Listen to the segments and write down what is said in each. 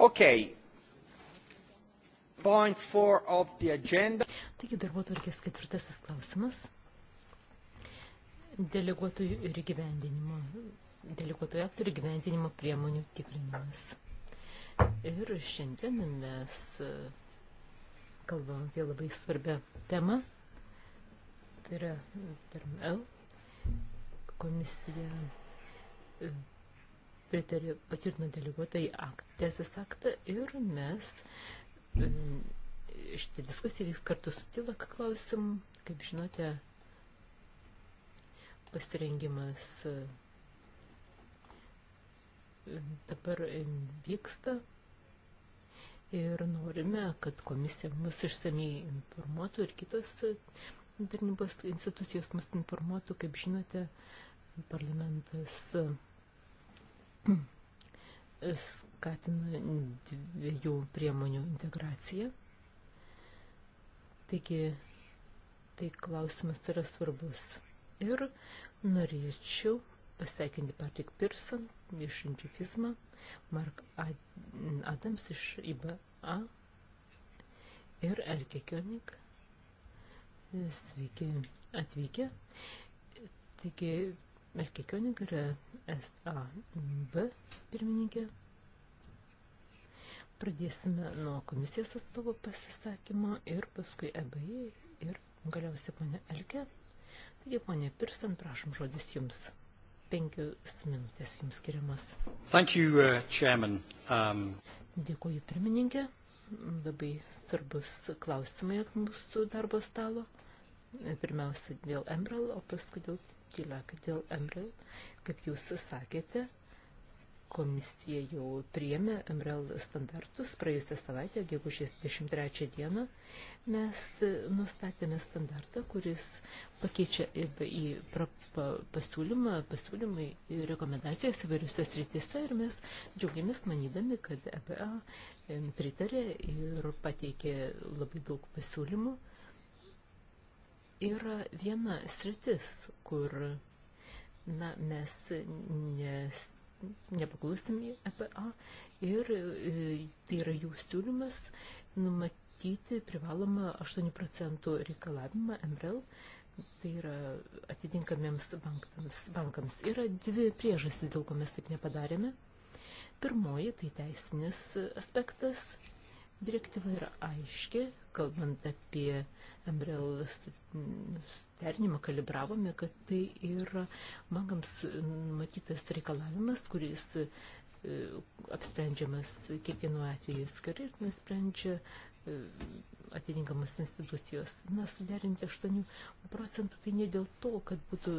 Okay. Point four of the agenda. Taigi darbo tvarkės ketvirtasis klausimas. Deleguotojų ir gyvendinimo, deleguotojų aktorių gyvendinimo priemonių tikrinimas. Ir šiandien mes e, kalbam apie labai svarbę temą. Tai yra e, term L. Komisija e, pritarė patvirtino deleguotą į teisės aktą ir mes mm, šitą diskusiją vyks kartu su tilak klausim. Kaip žinote, pasirengimas mm, dabar mm, vyksta ir norime, kad komisija mus išsamei informuotų ir kitos tarnybos institucijos mus informuotų, kaip žinote, parlamentas skatina dviejų priemonių integraciją. Taigi, tai klausimas yra svarbus. Ir norėčiau pasveikinti Patrick Pearson iš Indžiufizmą, Mark Adams iš IBA ir Elke Kionik. Sveiki atvykę. Taigi, Melkė Kionig yra SAB pirmininkė. Pradėsime nuo komisijos atstovo pasisakymo ir paskui EBI ir galiausiai ponė Elke. Taigi, ponė Pirsan, prašom žodis jums. Penkios minutės jums skiriamas. Thank you, uh, chairman. Um... Dėkuoju pirmininkė. Labai svarbus klausimai ant mūsų darbo stalo. Pirmiausia dėl Emerald, o paskui dėl kyla, kad dėl MRL, kaip jūs sakėte, komisija jau priėmė MRL standartus. Praėjusią savaitę, gegužės 23 dieną, mes nustatėme standartą, kuris pakeičia į, į pra, pa, pasiūlymą, pasiūlymai ir rekomendacijas įvairiuose srityse ir mes džiaugiamės manydami, kad EBA pritarė ir pateikė labai daug pasiūlymų yra viena sritis, kur na, mes nes, nepaklūstami EPA ir e, tai yra jų siūlymas numatyti privalomą 8 procentų reikalavimą MRL tai yra atitinkamiems bankams, bankams. Yra dvi priežastys, dėl ko mes taip nepadarėme. Pirmoji, tai teisinis aspektas. Direktyva yra aiški, kalbant apie MRL sternimą, kalibravome, kad tai yra magams matytas reikalavimas, kuris e, apsprendžiamas kiekvienu atveju atskirai ir nusprendžia e, atitinkamas institucijos. Na, suderinti 8 procentų tai ne dėl to, kad būtų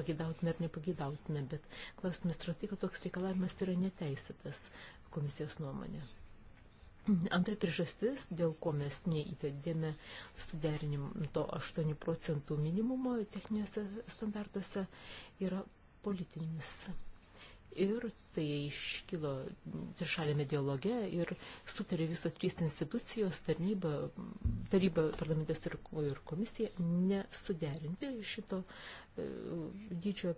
pagėdautina ar nepagėdautina, bet klausimas yra tai, kad toks reikalavimas yra neteisėtas komisijos nuomonė. Antra priežastis, dėl ko mes neįvedėme suderinimo 8 procentų minimumo techninėse standartuose, yra politinis. Ir tai iškilo trišalėme dialoge ir sutarė visos trys institucijos, tarnyba, taryba, parlamentas ir, ir komisija, nesuderinti šito e, dydžio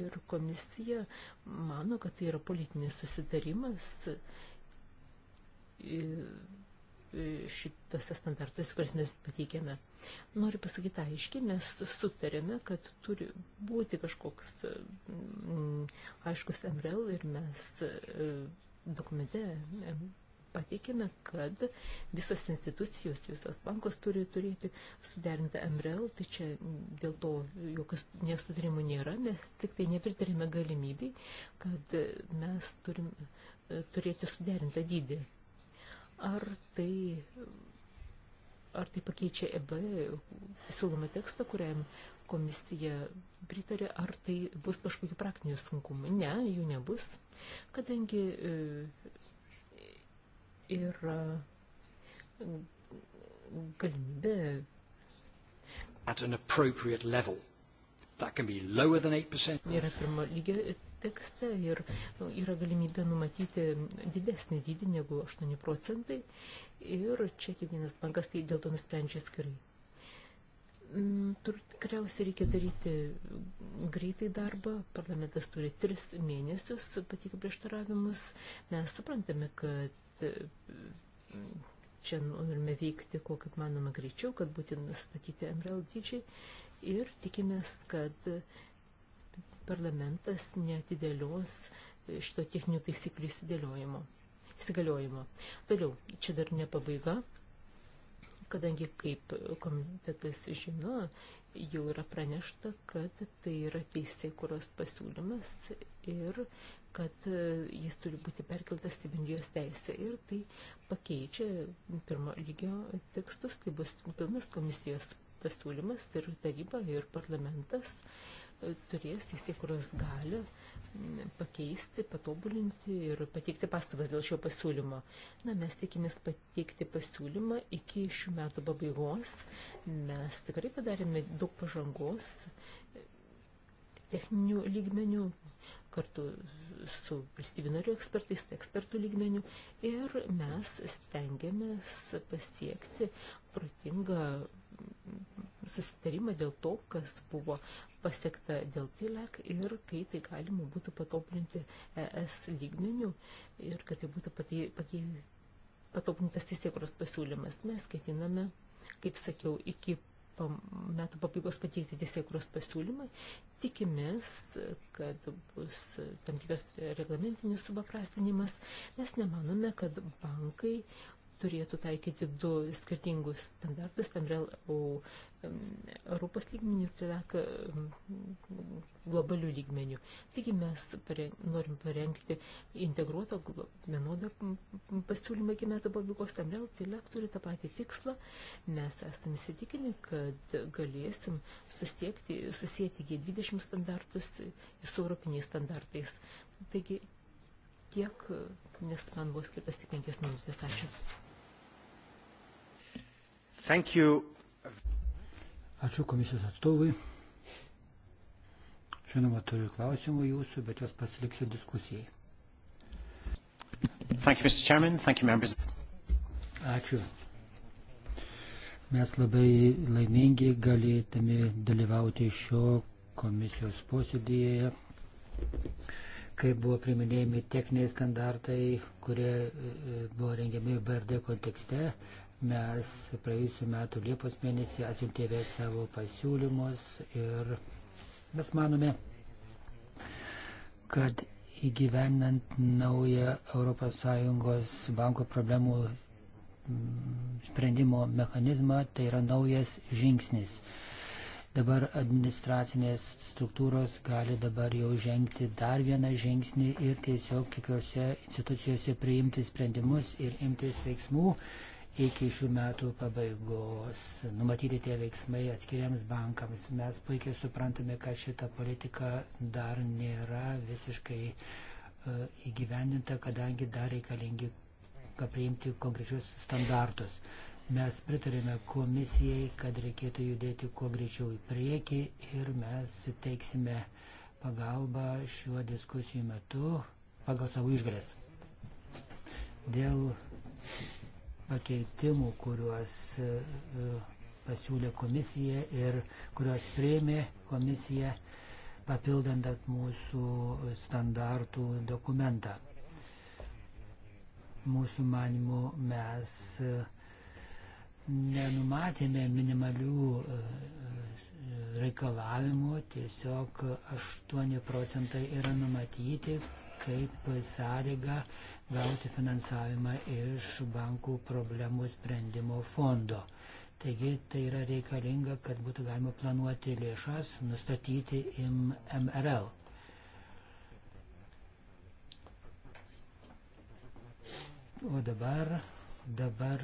ir komisija mano, kad tai yra politinis susitarimas. E, šitose standartuose, kuris mes pateikėme. Noriu pasakyti aiškiai, mes sutarėme, kad turi būti kažkoks mm, m, aiškus MRL ir mes e, dokumente e, pateikėme, kad visos institucijos, visos bankos turi turėti suderintą MRL, tai čia dėl to jokios nesutarimų nėra, mes tik tai nepritarėme galimybei, kad mes turim e, turėti suderintą dydį. Ar tai, ar tai pakeičia EB siūlomą tekstą, kuriam komisija pritarė, ar tai bus kažkokių praktinių sunkumų? Ne, jų nebus, kadangi e, yra galimybė. At an appropriate level. That can be lower than 8%. Yra pirmo lygio tekste ir yra galimybė numatyti didesnį dydį negu 8 procentai ir čia kiekvienas bankas tai dėl to nusprendžia skirai. Mm, tikriausiai reikia daryti greitai darbą, parlamentas turi tris mėnesius patikė prieštaravimus, mes suprantame, kad mm, čia norime veikti, kuo kaip manoma greičiau, kad būtent nustatyti MRL dydžiai ir tikimės, kad uh, parlamentas netidėlios šito techninių taisyklių įsidėliojimo. Įsigaliojimo. Toliau, čia dar ne pabaiga, kadangi kaip komitetas žino, jau yra pranešta, kad tai yra teisė, kurios pasiūlymas ir kad e, jis turi būti perkeltas į bendrijos teisę ir tai pakeičia pirmo lygio tekstus, tai bus pilnas komisijos pasiūlymas ir taryba ir parlamentas. Uh, turės teisėkuros galią mm, pakeisti, patobulinti ir pateikti pastabas dėl šio pasiūlymo. Na, mes tikimės pateikti pasiūlymą iki šių metų pabaigos. Mes tikrai padarėme daug pažangos techninių lygmenių, kartu su valstybinarių ekspertais, tai ekspertų lygmenių ir mes stengiamės pasiekti protingą susitarimą dėl to, kas buvo pasiekta dėl TILEK ir kaip tai galima būtų patobrinti ES lygmenių ir kad tai būtų patobrintas teisėkuros pasiūlymas. Mes ketiname, kaip sakiau, iki metų pabaigos pateikti teisėkuros pasiūlymai. Tikimės, kad bus tam tikras reglamentinis supaprastinimas. Mes nemanome, kad bankai turėtų taikyti du skirtingus standartus, tam real Europos lygmenių ir TELAK tai globalių lygmenių. Taigi mes pareng, norim parengti integruotą vienodą pasiūlymą iki metų pabaigos, tam real TELAK tai turi tą patį tikslą. Mes esame įsitikinę, kad galėsim susiekti, susijęti G20 standartus su europiniais standartais. Taigi tiek, e, nes man buvo skirtas tik penkias minutės. Ačiū. Thank you. Ačiū komisijos atstovui. Žinoma, turiu klausimų jūsų, bet jos pasiliksiu diskusijai. Thank you, Mr. Chairman. Thank you, members. Ačiū. Mes labai laimingi galėtume dalyvauti šio komisijos posėdėje kai buvo priminėjami techniniai standartai, kurie e, e, buvo rengiami BRD kontekste. Mes praėjusiu metu Liepos mėnesį atsiuntėme savo pasiūlymus ir mes manome, kad įgyvendant naują ES banko problemų sprendimo mechanizmą, tai yra naujas žingsnis. Dabar administracinės struktūros gali dabar jau žengti dar vieną žingsnį ir tiesiog kiekvienose institucijose priimti sprendimus ir imtis veiksmų iki šių metų pabaigos. Numatyti tie veiksmai atskiriams bankams. Mes puikiai suprantame, kad šita politika dar nėra visiškai e, įgyvendinta, kadangi dar reikalingi priimti konkrečius standartus. Mes pritarėme komisijai, kad reikėtų judėti kuo greičiau į priekį ir mes teiksime pagalbą šiuo diskusijų metu pagal savo išgalės. Dėl pakeitimų, kuriuos e, pasiūlė komisija ir kuriuos prieimė komisija, papildant mūsų standartų dokumentą. Mūsų manimu mes uh, nenumatėme minimalių e, e, reikalavimų, tiesiog 8 procentai yra numatyti kaip sąlyga gauti finansavimą iš bankų problemų sprendimo fondo. Taigi tai yra reikalinga, kad būtų galima planuoti lėšas, nustatyti MRL. O dabar dabar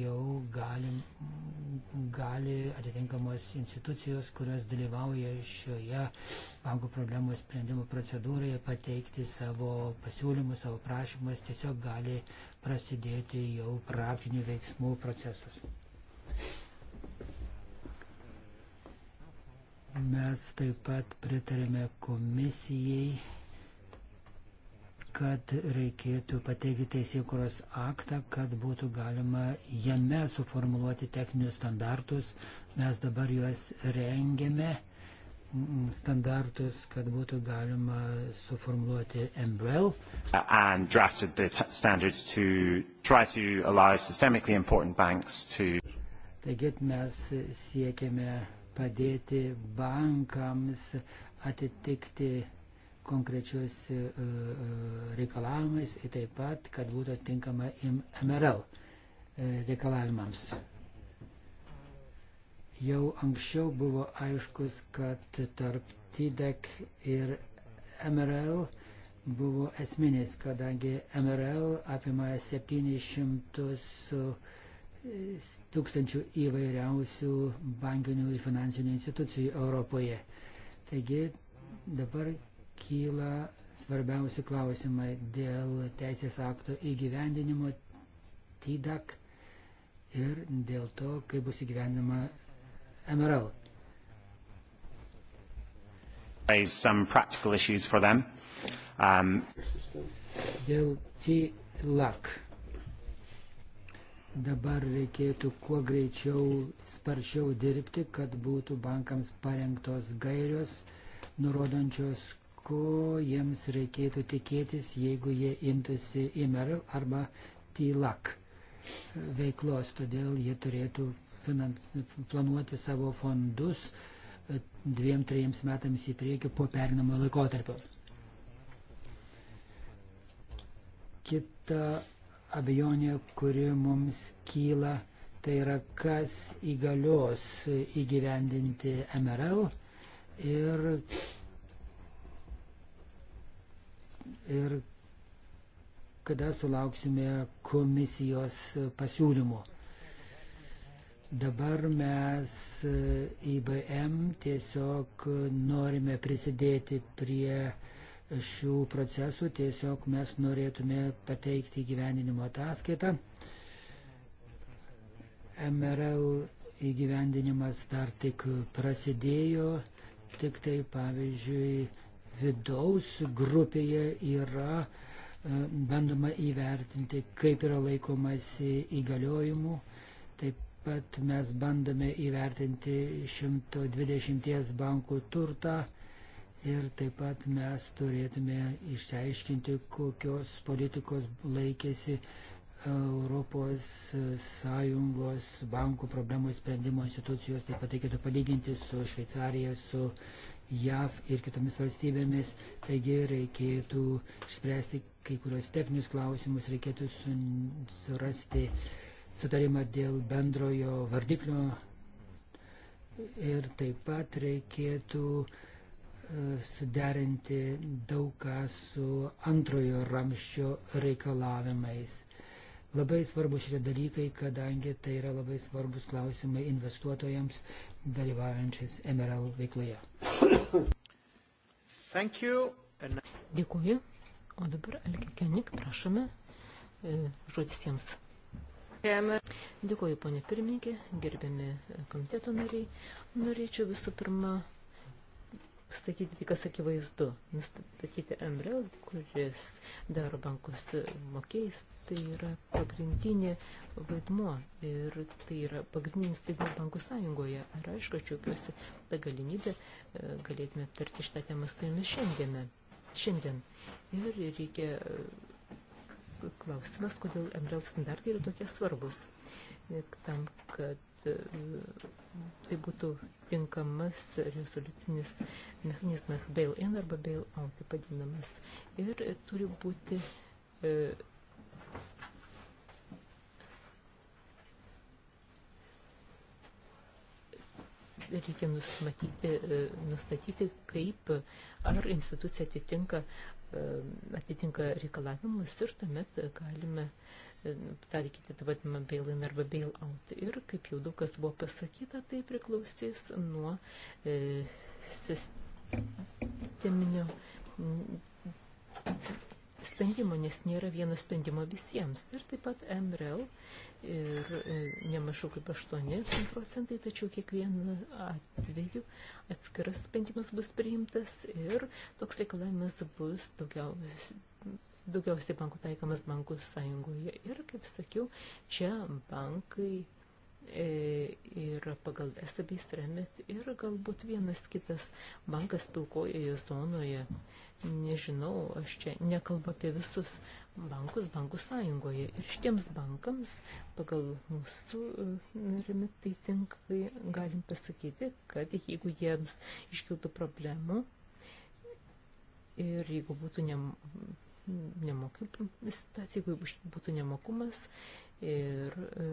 jau galim, gali atitinkamos institucijos, kurios dalyvauja šioje bankų problemų sprendimo procedūroje, pateikti savo pasiūlymus, savo prašymus, tiesiog gali prasidėti jau praktinių veiksmų procesas. Mes taip pat pritarėme komisijai kad reikėtų pateikti teisėkuros aktą, kad būtų galima jame suformuluoti techninius standartus. Mes dabar juos rengiame, standartus, kad būtų galima suformuluoti MBREL. And drafted the standards to try to allow systemically important banks to. Taigi mes siekiame padėti bankams atitikti konkrečius e, e, reikalavimais ir taip pat, kad būtų tinkama MRL er e, reikalavimams. Jau anksčiau buvo aiškus, kad tarp TIDEC ir MRL er buvo esminis, kadangi MRL er apima 700 tūkstančių įvairiausių bankinių ir finansinių institucijų Europoje. Taigi dabar kyla svarbiausi klausimai dėl teisės akto įgyvendinimo TIDAK ir dėl to, kaip bus įgyvendinama MRL. Um... Dėl TILAK dabar reikėtų kuo greičiau, sparčiau dirbti, kad būtų bankams parengtos gairios, nurodančios, ko jiems reikėtų tikėtis, jeigu jie imtųsi IMR arba TILAK veiklos. Todėl jie turėtų finans, planuoti savo fondus e, dviem, trejiems metams į priekį po perinamo laikotarpio. Kita abejonė, kuri mums kyla, tai yra kas įgalios įgyvendinti MRL ir ir kada sulauksime komisijos pasiūlymo. Dabar mes e, IBM tiesiog norime prisidėti prie šių procesų, tiesiog mes norėtume pateikti gyveninimo ataskaitą. MRL įgyvendinimas dar tik prasidėjo, tik tai pavyzdžiui vidaus grupėje yra e, bandoma įvertinti, kaip yra laikomasi įgaliojimų. Taip pat mes bandome įvertinti 120 bankų turtą ir taip pat mes turėtume išsiaiškinti, kokios politikos laikėsi Europos Sąjungos bankų problemų sprendimo institucijos. Taip pat reikėtų palyginti su Šveicarija, su JAV ir kitomis valstybėmis. Taigi reikėtų išspręsti kai kurios techninius klausimus, reikėtų surasti sutarimą dėl bendrojo vardiklio ir taip pat reikėtų e, suderinti daugą su antrojo ramščio reikalavimais. Labai svarbu šitie dalykai, kadangi tai yra labai svarbus klausimai investuotojams dalyvaujančiais MRL veikloje. And... Dėkuoju. O dabar Elke Kenik, prašome, e, žodis jiems. Dėkuoju, ponė pirmininkė, gerbiami komiteto nariai. Norėčiau visų pirma statyti tai, kas akivaizdu, nustatyti MRL, kuris daro bankus mokėjais, tai yra pagrindinė vaidmuo ir tai yra pagrindinis vaidmuo bankų sąjungoje. Ir aišku, džiaugiuosi tą galimybę e, galėtume aptarti šitą temą su jumis šiandieną. Šiandien. Ir reikia e, klausimas, kodėl MRL standartai yra tokie svarbus. E, tam, kad E, tai būtų tinkamas rezoliucinis mechanizmas bail-in arba bail-out, taip vadinamas. Ir turi būti e, reikia nustatyti, e, e, nustatyti, kaip ar institucija atitinka, atitinka reikalavimus ir tuomet galime taikyti tą vadinamą bail-in arba bail-out. Ir, kaip jau daug kas buvo pasakyta, tai priklausys nuo e, sisteminio mm, sprendimo, nes nėra vieno sprendimo visiems. Ir taip pat MRL ir e, nemažau kaip 8 procentai, tačiau kiekvienu atveju atskiras sprendimas bus priimtas ir toks reikalavimas bus daugiau daugiausiai bankų taikomas bankų sąjungoje. Ir, kaip sakiau, čia bankai ir e, pagal esabys remit ir galbūt vienas kitas bankas pilkojoje zonoje. Nežinau, aš čia nekalbu apie visus bankus bankų sąjungoje. Ir šitiems bankams pagal mūsų e, remit tai tinklai galim pasakyti, kad jeigu jiems iškiltų problemų ir jeigu būtų ne, nemokių situacija, jeigu būtų nemokumas ir e,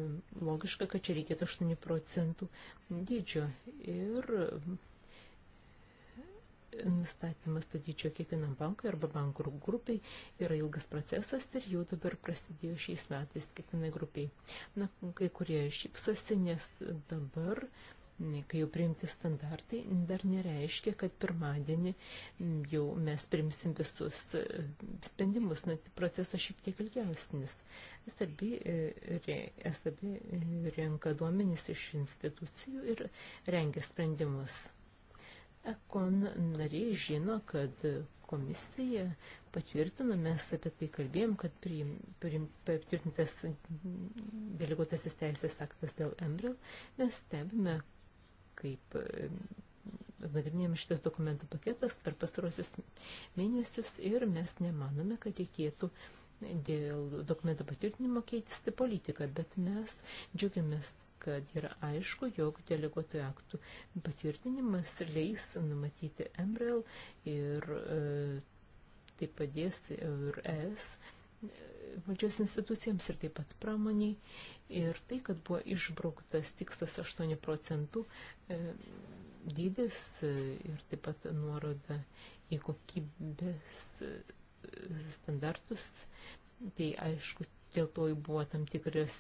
logiška, kad čia reikėtų 8 procentų dydžio ir e, nustatymas to dydžio kiekvienam bankui arba bankų grupiai yra ilgas procesas ir jau dabar prasidėjo šiais metais kiekvienai grupiai. Na, kai kurie šypsosi, nes dabar e, kai jau priimti standartai, dar nereiškia, kad pirmadienį jau mes primsim visus e, sprendimus, net nu, tai procesas šiek tiek ilgiausinis. Sabi, e, re, sabi e, renka duomenys iš institucijų ir rengia sprendimus. Ekon nariai žino, kad komisija patvirtino, mes apie tai kalbėjom, kad priim, priim, patvirtintas deleguotasis teisės aktas dėl Embril, mes stebime, kaip e, nagrinėjom šitas dokumentų paketas per pastarosius mėnesius ir mes nemanome, kad reikėtų dėl dokumento patvirtinimo keitisti politiką, bet mes džiugiamės, kad yra aišku, jog deleguotojų aktų patvirtinimas leis numatyti MRL ir e, tai padės ir ES valdžios institucijoms ir taip pat pramoniai. Ir tai, kad buvo išbrauktas tikslas 8 procentų e, dydis e, ir taip pat nuoroda į kokybės e, standartus, tai aišku, dėl to buvo tam tikras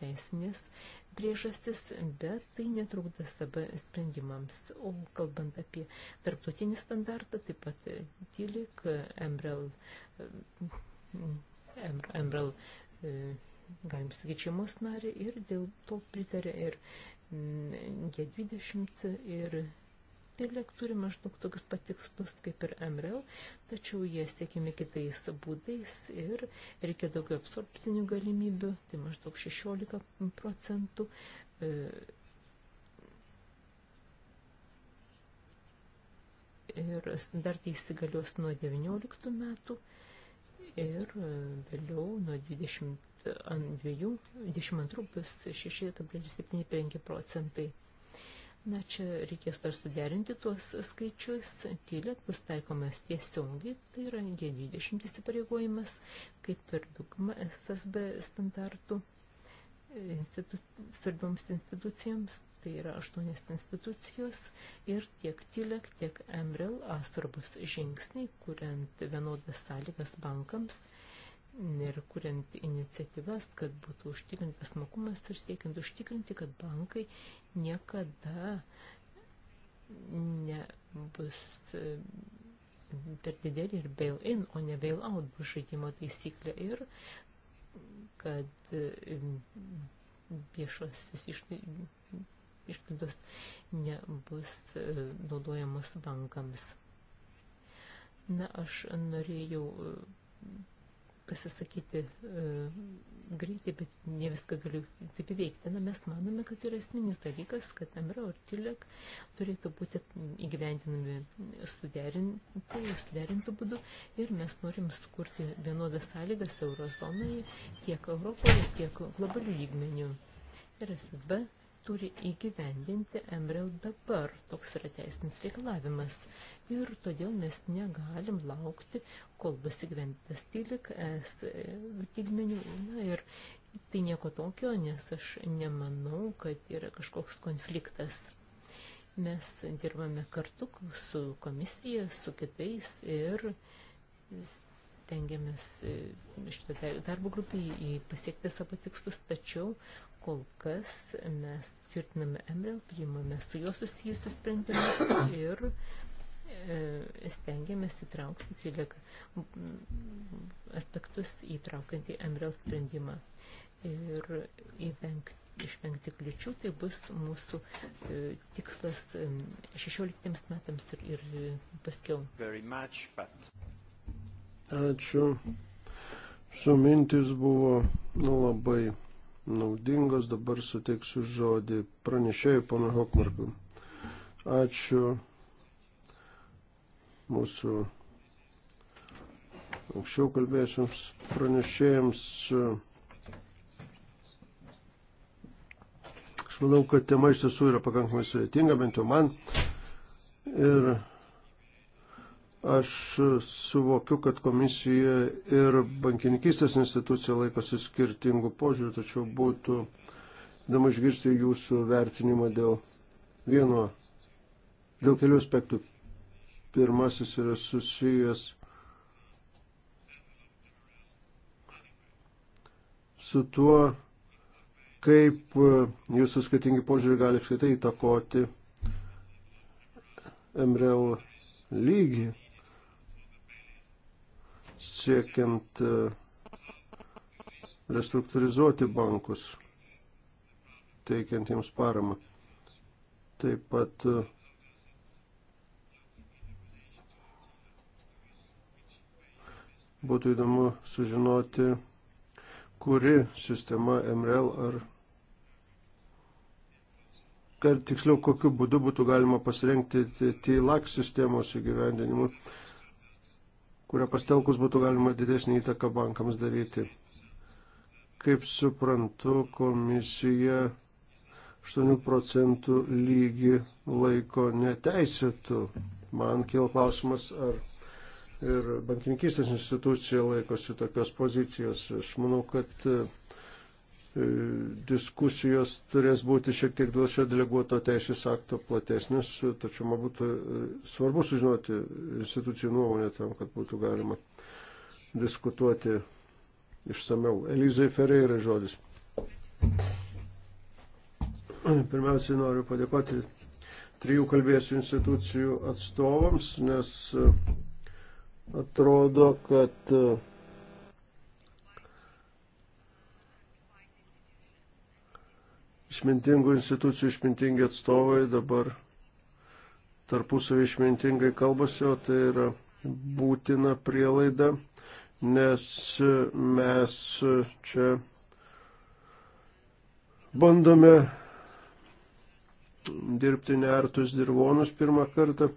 teisinės priežastis, bet tai netrukdo savo sprendimams. O kalbant apie tarptautinį standartą, taip pat TILIK, MREL Embral, e, galim sakyti, šeimos narį ir dėl to pritarė ir mm, G20 ir Tilek turi maždaug tokius patikslus kaip ir MRL, tačiau jie siekimi kitais būdais ir reikia daugiau absorpcinių galimybių, tai maždaug 16 procentų. E, ir dar tai įsigalios nuo 19 metų ir e, vėliau nuo 22, 22 bus 6,75 procentai. Na, čia reikės dar suderinti tuos skaičius, tylėt bus taikomas tiesiogiai, tai yra G20 įsipareigojimas, kaip ir dauguma FSB standartų institu, svarbioms institucijoms, tai yra aštuonios institucijos ir tiek TILEK, tiek EMREL svarbus žingsniai, kuriant vienodas sąlygas bankams ir kuriant iniciatyvas, kad būtų užtikrintas mokumas ir siekiant užtikrinti, kad bankai niekada nebus e, per didelį ir bail-in, o ne bail-out bus žaidimo taisyklė ir kad e, viešosios išlaidos išlaidos nebus e, naudojamos bankams. Na, aš norėjau e, pasisakyti e, greitai, bet ne viską galiu taip įveikti. Na, mes manome, kad yra esminis dalykas, kad Amra ir Tilek turėtų būti įgyvendinami suderinti, suderintų būdu ir mes norim sukurti vienodas sąlygas eurozonoje tiek Europoje, tiek globalių lygmenių. Ir SB turi įgyvendinti Emrel dabar. Toks yra teisinis reikalavimas. Ir todėl mes negalim laukti, kol bus įgyvendintas tylik, es lygmenių. Na ir tai nieko tokio, nes aš nemanau, kad yra kažkoks konfliktas. Mes dirbame kartu su komisija, su kitais ir tengiamės e, šitą darbo grupį į pasiekti savo tikslus, tačiau kol kas mes tvirtiname MREL, priimame su juo susijusius sprendimus ir e, stengiamės įtraukti 13 aspektus įtraukiant į MREL sprendimą. Ir įvengti, išvengti kliučių, tai bus mūsų e, tikslas e, 16 metams ir, ir paskiau. Much, but... Ačiū. Su mintis buvo nu, labai naudingos. Dabar suteiksiu žodį pranešėjui pono Hokmarkui. Ačiū mūsų anksčiau kalbėsiams pranešėjams. Aš manau, kad tema iš tiesų yra pakankamai sudėtinga, bent jau man. Ir Aš suvokiu, kad komisija ir bankininkystės institucija laikosi skirtingų požiūrių, tačiau būtų įdomu išgirsti jūsų vertinimą dėl vieno, dėl kelių aspektų. Pirmasis yra susijęs su tuo, kaip jūsų skirtingi požiūrį gali apskritai įtakoti MRL lygį siekiant e, restruktūrizuoti bankus, teikiant jiems paramą. Taip pat e, būtų įdomu sužinoti, kuri sistema MRL ar kad tiksliau kokiu būdu būtų galima pasirengti TILAK sistemos įgyvendinimu. Tai kurio pastelkus būtų galima didesnį įtaką bankams daryti. Kaip suprantu, komisija 8 procentų lygį laiko neteisėtų. Man kilo klausimas, ar ir bankininkystės institucija laikosi tokios pozicijos. Aš manau, kad E, diskusijos turės būti šiek tiek dėl šio deleguoto teisės akto platesnės, tačiau man būtų e, svarbu sužinoti institucijų nuomonę tam, kad būtų galima diskutuoti išsameu. Elizai Ferreira žodis. Pirmiausiai noriu padėkoti trijų kalbėsių institucijų atstovams, nes e, atrodo, kad išmintingų institucijų išmintingi atstovai dabar tarpusavį išmintingai kalbasi, o tai yra būtina prielaida, nes mes čia bandome dirbti neartus dirvonus pirmą kartą.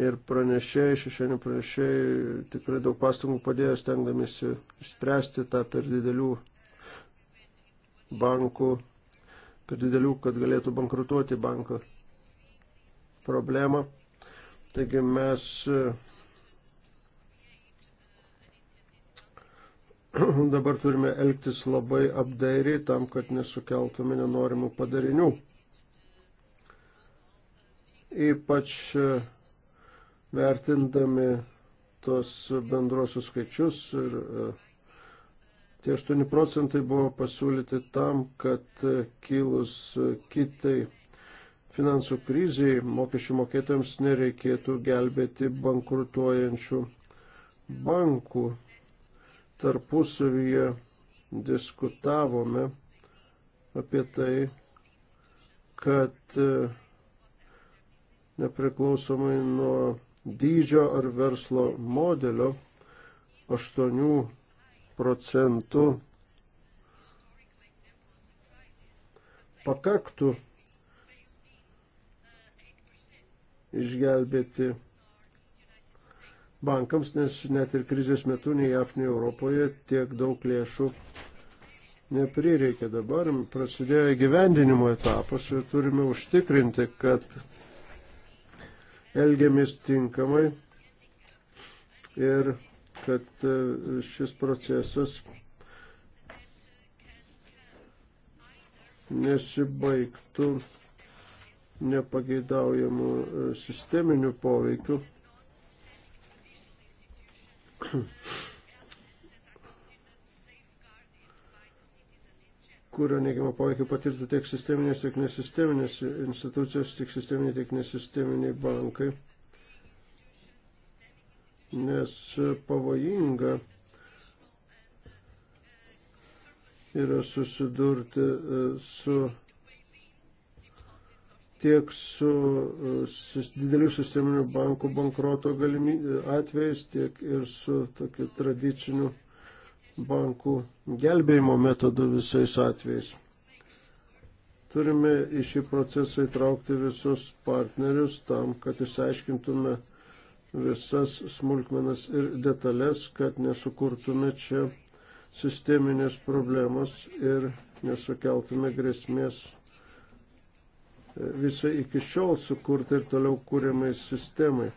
Ir pranešėjai, šešienį pranešėjai tikrai daug pastangų padėjo stengdamėsi spręsti tą per didelių bankų per didelių, kad galėtų bankrutuoti banko problemą. Taigi mes eh, dabar turime elgtis labai apdairiai tam, kad nesukeltume nenorimų padarinių. Ypač eh, vertindami tos bendrosius skaičius ir uh, Tie 8 procentai buvo pasiūlyti tam, kad e, kilus e, kitai finansų kriziai mokesčių mokėtojams nereikėtų gelbėti bankrutuojančių bankų. Tarpusavyje diskutavome apie tai, kad e, nepriklausomai nuo dydžio ar verslo modelio, aštuonių procentų pakaktų išgelbėti bankams, nes net ir krizės metu nei JAF, nei Europoje tiek daug lėšų neprireikė. Dabar prasidėjo gyvendinimo etapas ir turime užtikrinti, kad elgiamės tinkamai ir kad e, šis procesas nesibaigtų nepageidaujamų e, sisteminių poveikių. kurio neigiamą poveikį patirtų tiek sisteminės, tiek nesisteminės institucijos, tiek sisteminiai, tiek nesisteminiai bankai nes pavojinga yra susidurti e, su tiek su e, sus, didelių sisteminių bankų bankroto e, atvejais, tiek ir su tokiu tradiciniu bankų gelbėjimo metodu visais atvejais. Turime į šį procesą įtraukti visus partnerius tam, kad išsiaiškintume visas smulkmenas ir detalės, kad nesukurtume čia sisteminės problemos ir nesukeltume grėsmės e, visai iki šiol sukurti ir toliau kūriamai sistemai.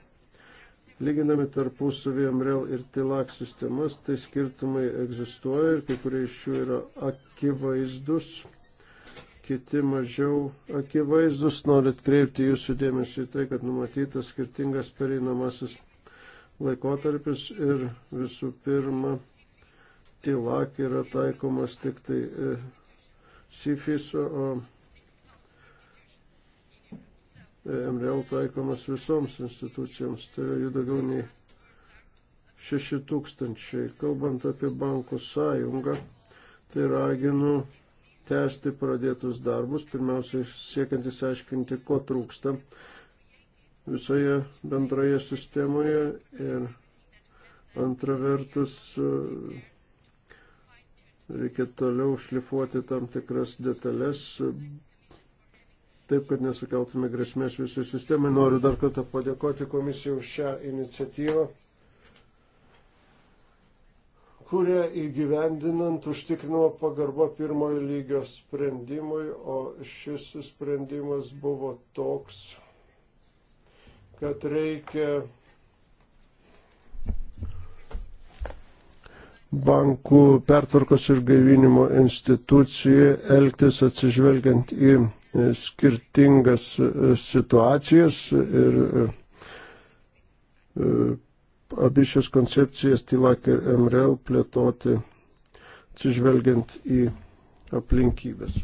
Lyginami tarpusavį MREL ir TILAK sistemas, tai skirtumai egzistuoja ir kai kurie iš jų yra akivaizdus kiti mažiau akivaizdus. Noriu atkreipti jūsų dėmesį į tai, kad numatytas skirtingas pereinamasis laikotarpis ir visų pirma, tilak yra taikomas tik tai e, sifiso, o e, MRL taikomas visoms institucijoms, tai yra jų daugiau nei 6000. Kalbant apie bankų sąjungą, tai raginu tęsti pradėtus darbus, pirmiausia, siekiant įsiaiškinti, ko trūksta visoje bendroje sistemoje ir antra vertus reikia toliau šlifuoti tam tikras detalės, taip, kad nesukeltume grėsmės visai sistemai. Noriu dar kartą padėkoti komisijai už šią iniciatyvą kuria įgyvendinant užtikrinama pagarba pirmojo lygio sprendimui, o šis sprendimas buvo toks, kad reikia bankų pertvarkos ir gaivinimo institucijai elgtis atsižvelgiant į skirtingas situacijas ir e, abi šias koncepcijas TILAK ir MREL plėtoti, atsižvelgiant į aplinkybės.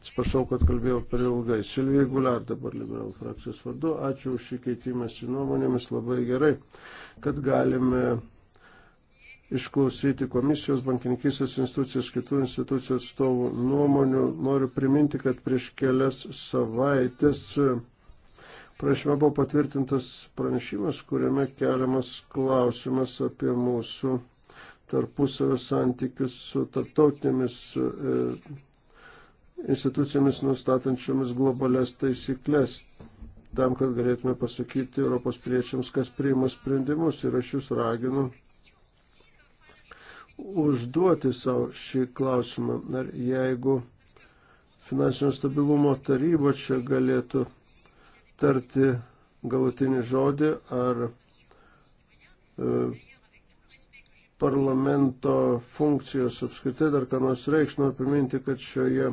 Atsiprašau, kad kalbėjau per ilgai. Silvija Gular dabar liberal frakcijos vardu. Ačiū už šį keitimąsi nuomonėmis. Labai gerai, kad galime išklausyti komisijos, bankininkistės institucijos, kitų institucijų atstovų nuomonių. Noriu priminti, kad prieš kelias savaitės Pranešime buvo patvirtintas pranešimas, kuriame keliamas klausimas apie mūsų tarpusavio santykius su tarptautinėmis e, institucijomis nustatančiomis globales taisyklės tam, kad galėtume pasakyti Europos priečiams, kas priima sprendimus. Ir aš jūs raginu užduoti savo šį klausimą. Ar jeigu finansinio stabilumo taryba čia galėtų tarti galutinį žodį, ar e, parlamento funkcijos apskritai dar ką nors reikš. Noriu priminti, kad šioje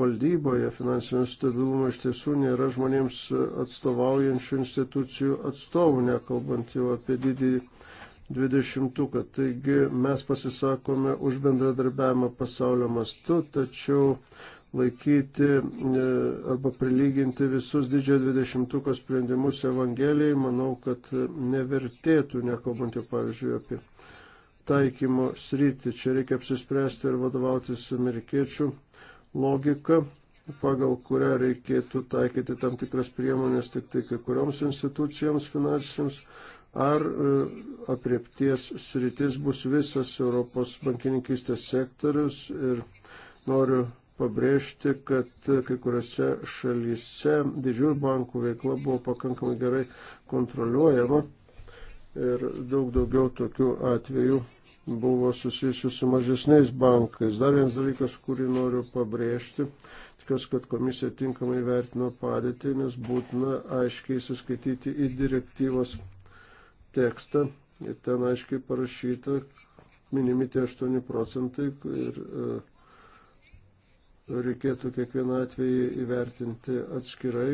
valdyboje finansinio stabilumo iš tiesų nėra žmonėms atstovaujančių institucijų atstovų, nekalbant jau apie didįjį dvidešimtuką. Taigi mes pasisakome už bendradarbiavimą pasaulio mastu, tačiau laikyti e, arba prilyginti visus didžiojo dvidešimtuko sprendimus Evangelijai, manau, kad nevertėtų, nekalbant jau pavyzdžiui apie taikymo sritį. Čia reikia apsispręsti ir vadovautis amerikiečių logika, pagal kurią reikėtų taikyti tam tikras priemonės tik tai kai kurioms institucijoms finansinėms, ar e, apriepties sritis bus visas Europos bankininkystės sektorius ir noriu pabrėžti, kad kai kuriuose šalyse didžiųjų bankų veikla buvo pakankamai gerai kontroliuojama ir daug daugiau tokių atvejų buvo susijusių su mažesniais bankais. Dar vienas dalykas, kurį noriu pabrėžti, tikiuosi, kad komisija tinkamai vertino padėtį, nes būtina aiškiai suskaityti į direktyvos tekstą ir ten aiškiai parašyta, minimi tie 8 procentai ir uh, reikėtų kiekvieną atvejį įvertinti atskirai,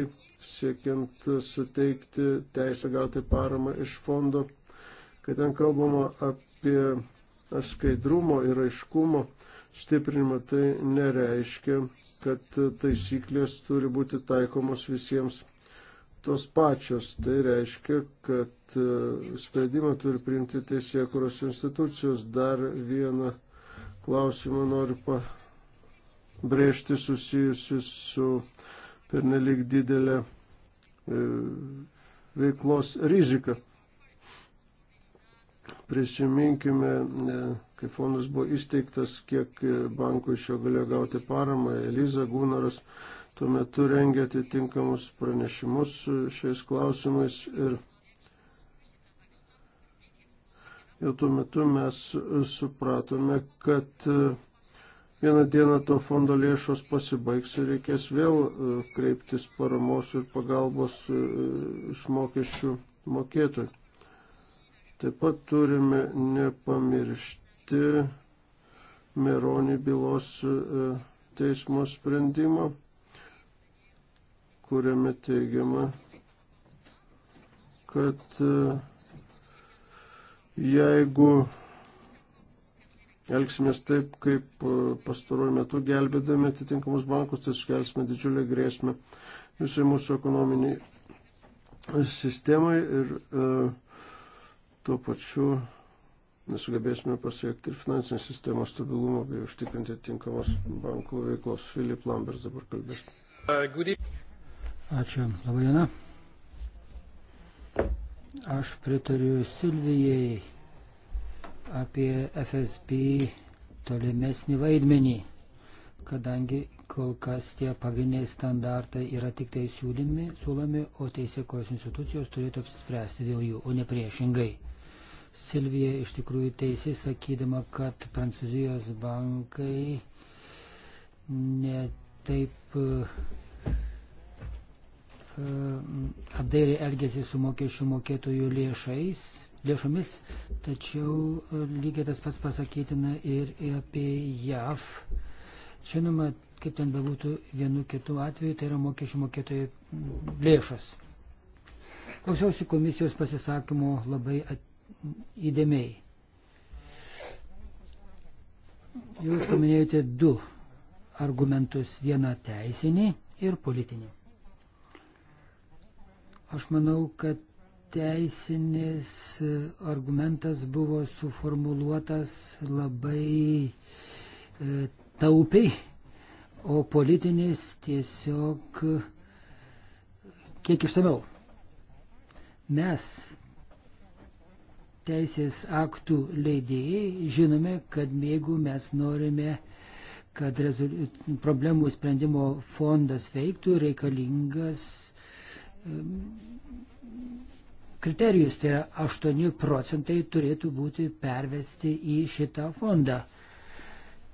siekiant suteikti teisę gauti paramą iš fondo, kai ten kalbama apie skaidrumo ir aiškumo stiprinimą, tai nereiškia, kad taisyklės turi būti taikomos visiems tos pačios. Tai reiškia, kad e, sprendimą turi priimti teisėkuros institucijos. Dar vieną klausimą noriu pasakyti brėžti susijusi su pernelik didelė e, veiklos rizika. Prisiminkime, e, kai fondas buvo įsteigtas, kiek e, bankų iš jo galėjo gauti paramą. Eliza Gunaras tuo metu rengė atitinkamus pranešimus šiais klausimais ir jau tuo metu mes supratome, kad vieną dieną to fondo lėšos pasibaigs ir reikės vėl e, kreiptis paramos ir pagalbos e, iš mokesčių mokėtojų. Taip pat turime nepamiršti Meronį bylos e, teismo sprendimo, kuriame teigiama, kad jeigu elgsimės taip, kaip e, pastaruoju metu gelbėdami atitinkamus bankus, tai sukelsime didžiulę grėsmę visai mūsų ekonominiai sistemai ir e, tuo pačiu nesugebėsime pasiekti ir finansinės sistemos stabilumo bei užtikrinti tinkamos bankų veiklos. Filip Lambers dabar kalbės. Ačiū. Labadiena. Aš pritariu Silvijai apie FSB tolimesnį vaidmenį, kadangi kol kas tie pagrindiniai standartai yra tik tai siūlymi, siūlomi, o teisėkos institucijos turėtų apsispręsti dėl jų, o ne priešingai. Silvija iš tikrųjų teisė sakydama, kad prancūzijos bankai netaip e, apdairiai elgėsi su mokesčių mokėtojų lėšais, lėšomis, tačiau e, lygiai tas pats pasakytina ir apie JAV. Žinoma, kaip ten bebūtų vienu kitu atveju, tai yra mokesčių mokėtojų lėšas. Klausiausi komisijos pasisakymo labai at... įdėmiai. Jūs paminėjote du argumentus, vieną teisinį ir politinį. Aš manau, kad teisinis argumentas buvo suformuluotas labai e, taupiai, o politinis tiesiog kiek išsameu. Mes teisės aktų leidėjai žinome, kad jeigu mes norime, kad rezol... problemų sprendimo fondas veiktų, reikalingas kriterijus, tai yra 8 procentai turėtų būti pervesti į šitą fondą.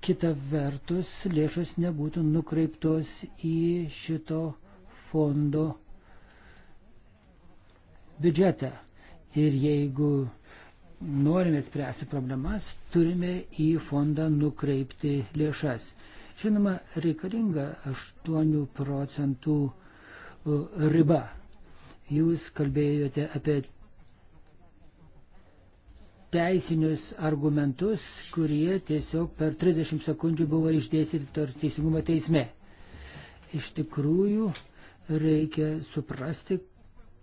Kita vertus, lėšos nebūtų nukreiptos į šito fondo biudžetą. Ir jeigu norime spręsti problemas, turime į fondą nukreipti lėšas. Žinoma, reikalinga 8 procentų e, riba. Jūs kalbėjote apie teisinius argumentus, kurie tiesiog per 30 sekundžių buvo išdėstyti teisingumo teisme. Iš tikrųjų, reikia suprasti,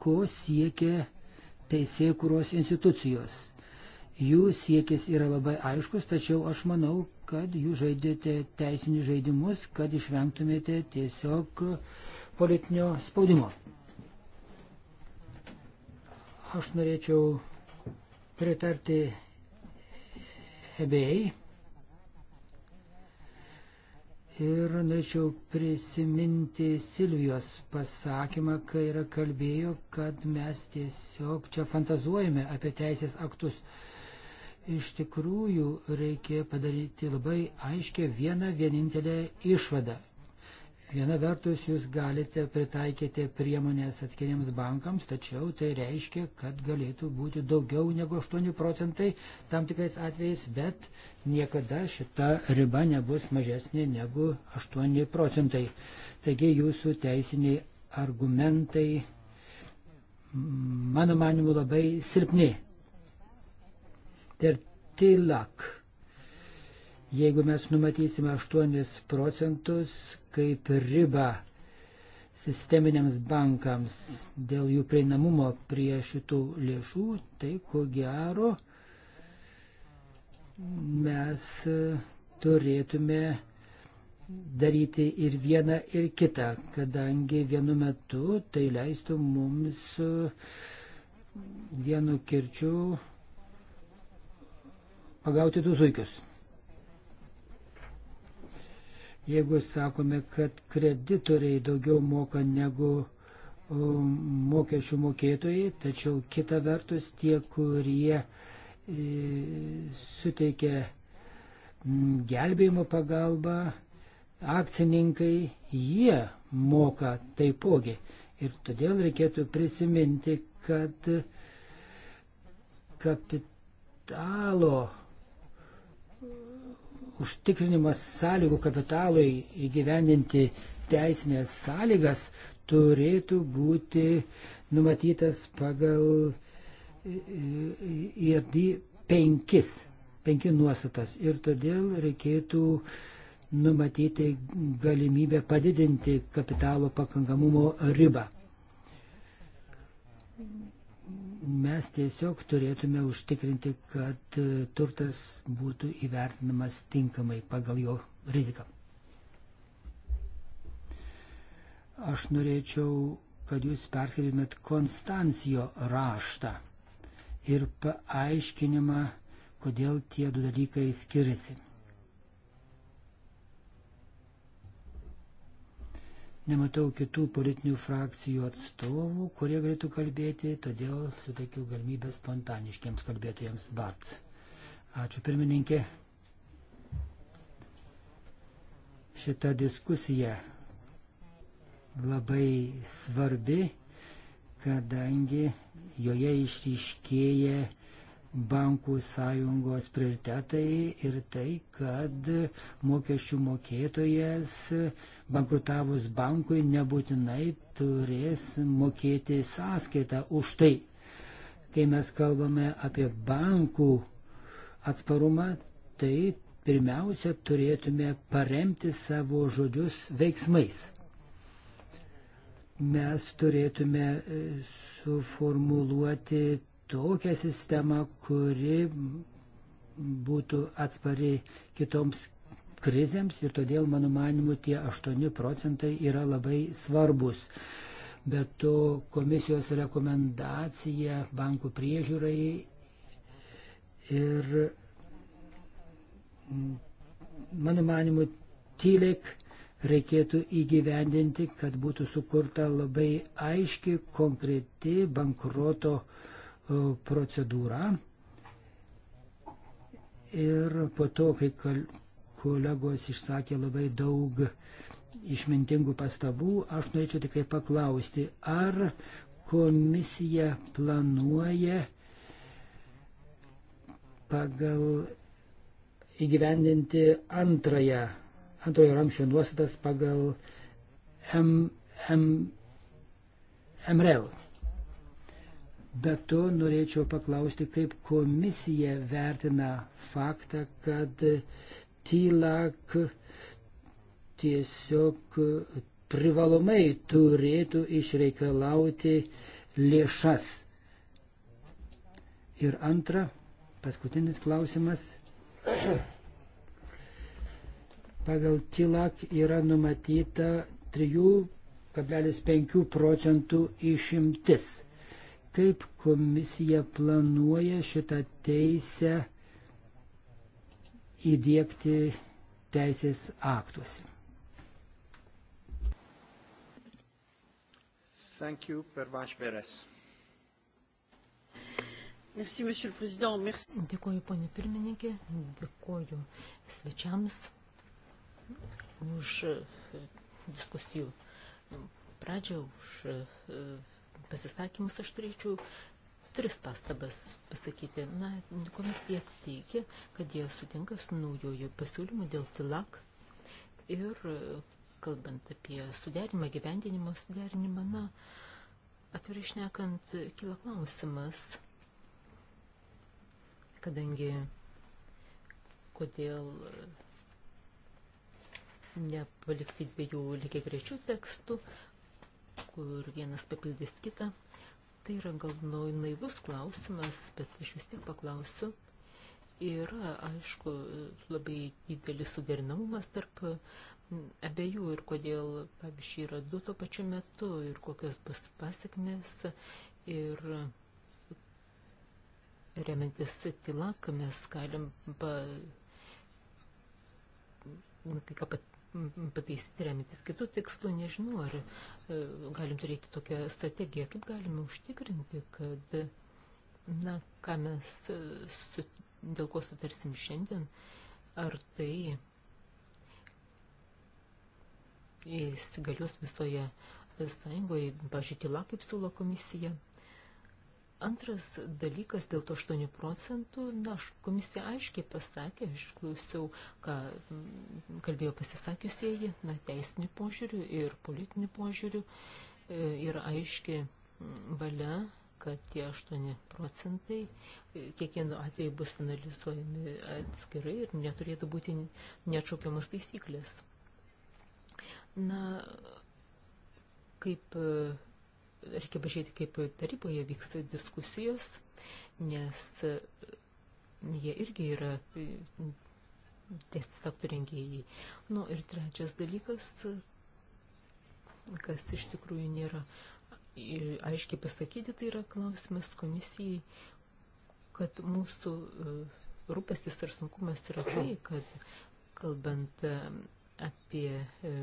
ko siekia teisėkuros institucijos. Jų siekis yra labai aiškus, tačiau aš manau, kad jūs žaidėte teisinius žaidimus, kad išvengtumėte tiesiog politinio spaudimo. Aš norėčiau pritarti ebėjai. Ir norėčiau prisiminti Silvijos pasakymą, kai yra kalbėjo, kad mes tiesiog čia fantazuojame apie teisės aktus. Iš tikrųjų reikia padaryti labai aiškę vieną vienintelę išvadą. Viena vertus jūs galite pritaikyti priemonės atskiriems bankams, tačiau tai reiškia, kad galėtų būti daugiau negu 8 procentai tam tikrais atvejais, bet niekada šita riba nebus mažesnė negu 8 procentai. Taigi jūsų teisiniai argumentai, mano manimu, labai silpni. Ir tilak Jeigu mes numatysime 8 procentus kaip ribą sisteminiams bankams dėl jų prieinamumo prie šitų lėšų, tai ko gero mes e, turėtume daryti ir vieną, ir kitą, kadangi vienu metu tai leistų mums e, vienu kirčiu pagauti du zuikius. Jeigu sakome, kad kreditoriai daugiau moka negu mokesčių mokėtojai, tačiau kita vertus tie, kurie e, suteikia gelbėjimo pagalbą, akcininkai, jie moka taipogi. Ir todėl reikėtų prisiminti, kad kapitalo užtikrinimas sąlygų kapitalui įgyvendinti teisinės sąlygas turėtų būti numatytas pagal IRD 5, 5 nuostatas. Ir todėl reikėtų numatyti galimybę padidinti kapitalo pakankamumo ribą mes tiesiog turėtume užtikrinti, kad e, turtas būtų įvertinamas tinkamai pagal jo riziką. Aš norėčiau, kad jūs perskaitytumėt Konstancijo raštą ir paaiškinimą, kodėl tie du dalykai skiriasi. Nematau kitų politinių frakcijų atstovų, kurie galėtų kalbėti, todėl suteikiu galimybę spontaniškiams kalbėtojams Barts. Ačiū pirmininkė. Šita diskusija labai svarbi, kadangi joje išryškėja bankų sąjungos prioritetai ir tai, kad mokesčių mokėtojas bankrutavus bankui nebūtinai turės mokėti sąskaitą už tai. Kai mes kalbame apie bankų atsparumą, tai pirmiausia turėtume paremti savo žodžius veiksmais. Mes turėtume e, suformuluoti tokią sistemą, kuri būtų atspari kitoms krizėms ir todėl, mano manimu, tie 8 procentai yra labai svarbus. Bet to komisijos rekomendacija bankų priežiūrai ir, mano manimu, tylik reikėtų įgyvendinti, kad būtų sukurta labai aiški, konkreti bankroto uh, procedūra. Ir po to, kai kolegos išsakė labai daug išmintingų pastabų, aš norėčiau tikrai paklausti, ar komisija planuoja pagal įgyvendinti antrąją, antrojo ramščio nuostatas pagal M, M, MREL. Bet to norėčiau paklausti, kaip komisija vertina faktą, kad tylak tiesiog privalomai turėtų išreikalauti lėšas. Ir antra, paskutinis klausimas. Pagal TILAK yra numatyta 3,5 procentų išimtis kaip komisija planuoja šitą teisę įdėkti teisės aktuose. Thank you, Pervash Beres. Merci, Monsieur le Président. Merci. Dėkuoju, ponė pirmininkė, dėkuoju svečiams už e, diskusijų pradžią, už e, pasisakymus, aš turėčiau tris pastabas pasakyti. Na, komisija teikia, kad jie sutinka su naujojo pasiūlymu dėl TILAK ir e, kalbant apie suderinimą, gyvendinimo suderinimą, na, atvirai šnekant, kila klausimas, kadangi kodėl nepalikti dviejų lygiai grečių tekstų, kur vienas papildys kitą. Tai yra gal naivus klausimas, bet aš vis tiek paklausiu. Yra, aišku, labai didelis suderinamumas tarp abiejų ir kodėl, pavyzdžiui, yra du to pačiu metu ir kokios bus pasiekmes ir remiantis tylak mes galim pa, kai ką pat pataisyti remintis kitų tikslų, nežinau, ar e, galim turėti tokią strategiją, kaip galime užtikrinti, kad, na, ką mes, e, su, dėl ko sutarsim šiandien, ar tai įsigalios visoje sąjungoje, pažiūrėti, kaip siūlo komisija. Antras dalykas, dėl to 8 procentų, na, aš komisija aiškiai pasakė, aš išklausiau, ką kalbėjo pasisakiusieji, na, teisinių požiūrių ir politinių požiūrių yra e, aiški valia, kad tie 8 procentai e, kiekvienu atveju bus analizuojami atskirai ir neturėtų būti neatšaukiamas taisyklės. Na, kaip reikia pažiūrėti, kaip taryboje vyksta diskusijos, nes jie irgi yra teisės aktų rengėjai. Nu, ir trečias dalykas, kas iš tikrųjų nėra aiškiai pasakyti, tai yra klausimas komisijai, kad mūsų e, rūpestis ar sunkumas yra tai, kad kalbant e, apie e,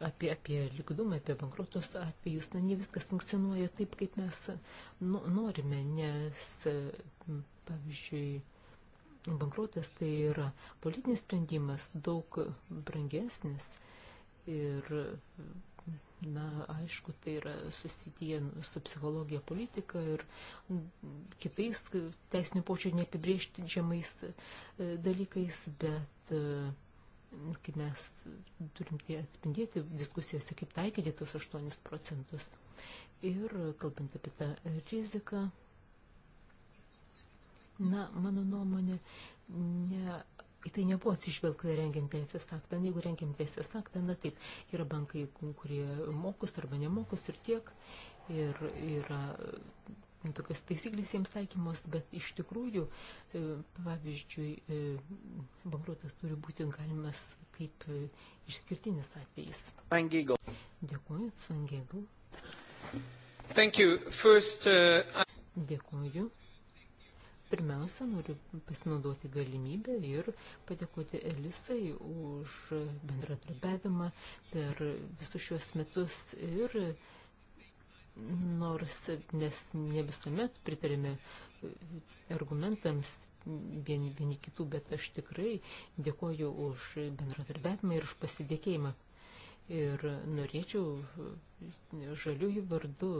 apie, apie likvidumą, apie bankrutus atvejus, na, ne viskas funkcionuoja taip, kaip mes nu, norime, nes, pavyzdžiui, bankrutas tai yra politinis sprendimas daug brangesnis ir, na, aišku, tai yra susitie su psichologija politika ir kitais teisinių počių neapibriežti žemais e, dalykais, bet e, kaip mes turim tie atspindėti diskusijose, kaip taikyti tuos 8 procentus. Ir kalbant apie tą riziką, na, mano nuomonė, ne, į tai nebuvo atsižvelgta rengiant teisės aktą. Jeigu rengiant teisės aktą, na taip, yra bankai, kurie mokus arba nemokus ir tiek. Ir yra Nu, tokios taisyklės jiems taikymos, bet iš tikrųjų, e, pavyzdžiui, e, bankruotas turi būti galimas kaip e, išskirtinis atvejis. Svangigl. Dėkuoju, Svangigl. Thank you. First, uh, Dėkuoju. Pirmiausia, noriu pasinaudoti galimybę ir padėkoti Elisai už bendradarbiavimą per visus šiuos metus ir uh, nors mes ne visuomet pritarėme e, argumentams vieni, vieni kitų, bet aš tikrai dėkoju už bendradarbiavimą ir už pasidėkėjimą. Ir norėčiau e, žaliųjų vardu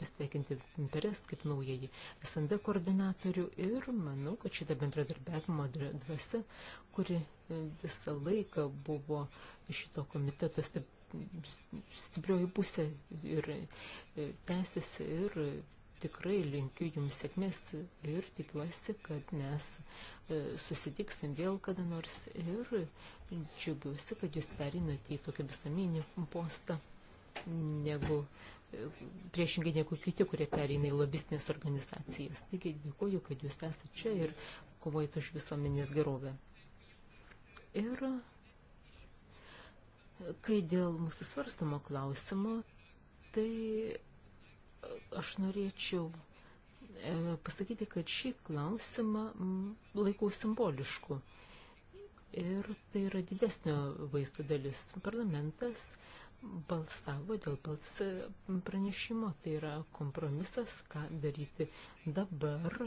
pasveikinti Peres kaip naująjį SND koordinatorių ir manau, kad šita bendradarbiavimo dvasia, kuri e, visą laiką buvo šito komiteto stiprinti stiprioji pusė ir e, tęsiasi ir tikrai linkiu jums sėkmės ir tikiuosi, kad mes e, susitiksim vėl kada nors ir džiugiuosi, kad jūs perinate į tokį visuomenį postą negu e, priešingai negu kiti, kurie pereina į lobistinės organizacijas. Taigi dėkuoju, kad jūs esate čia ir kovojate už visuomenės gerovę. Ir Kai dėl mūsų svarstamo klausimo, tai aš norėčiau e, pasakyti, kad šį klausimą laikau simbolišku. Ir tai yra didesnio vaizdo dalis. Parlamentas balsavo dėl pats pranešimo, tai yra kompromisas, ką daryti dabar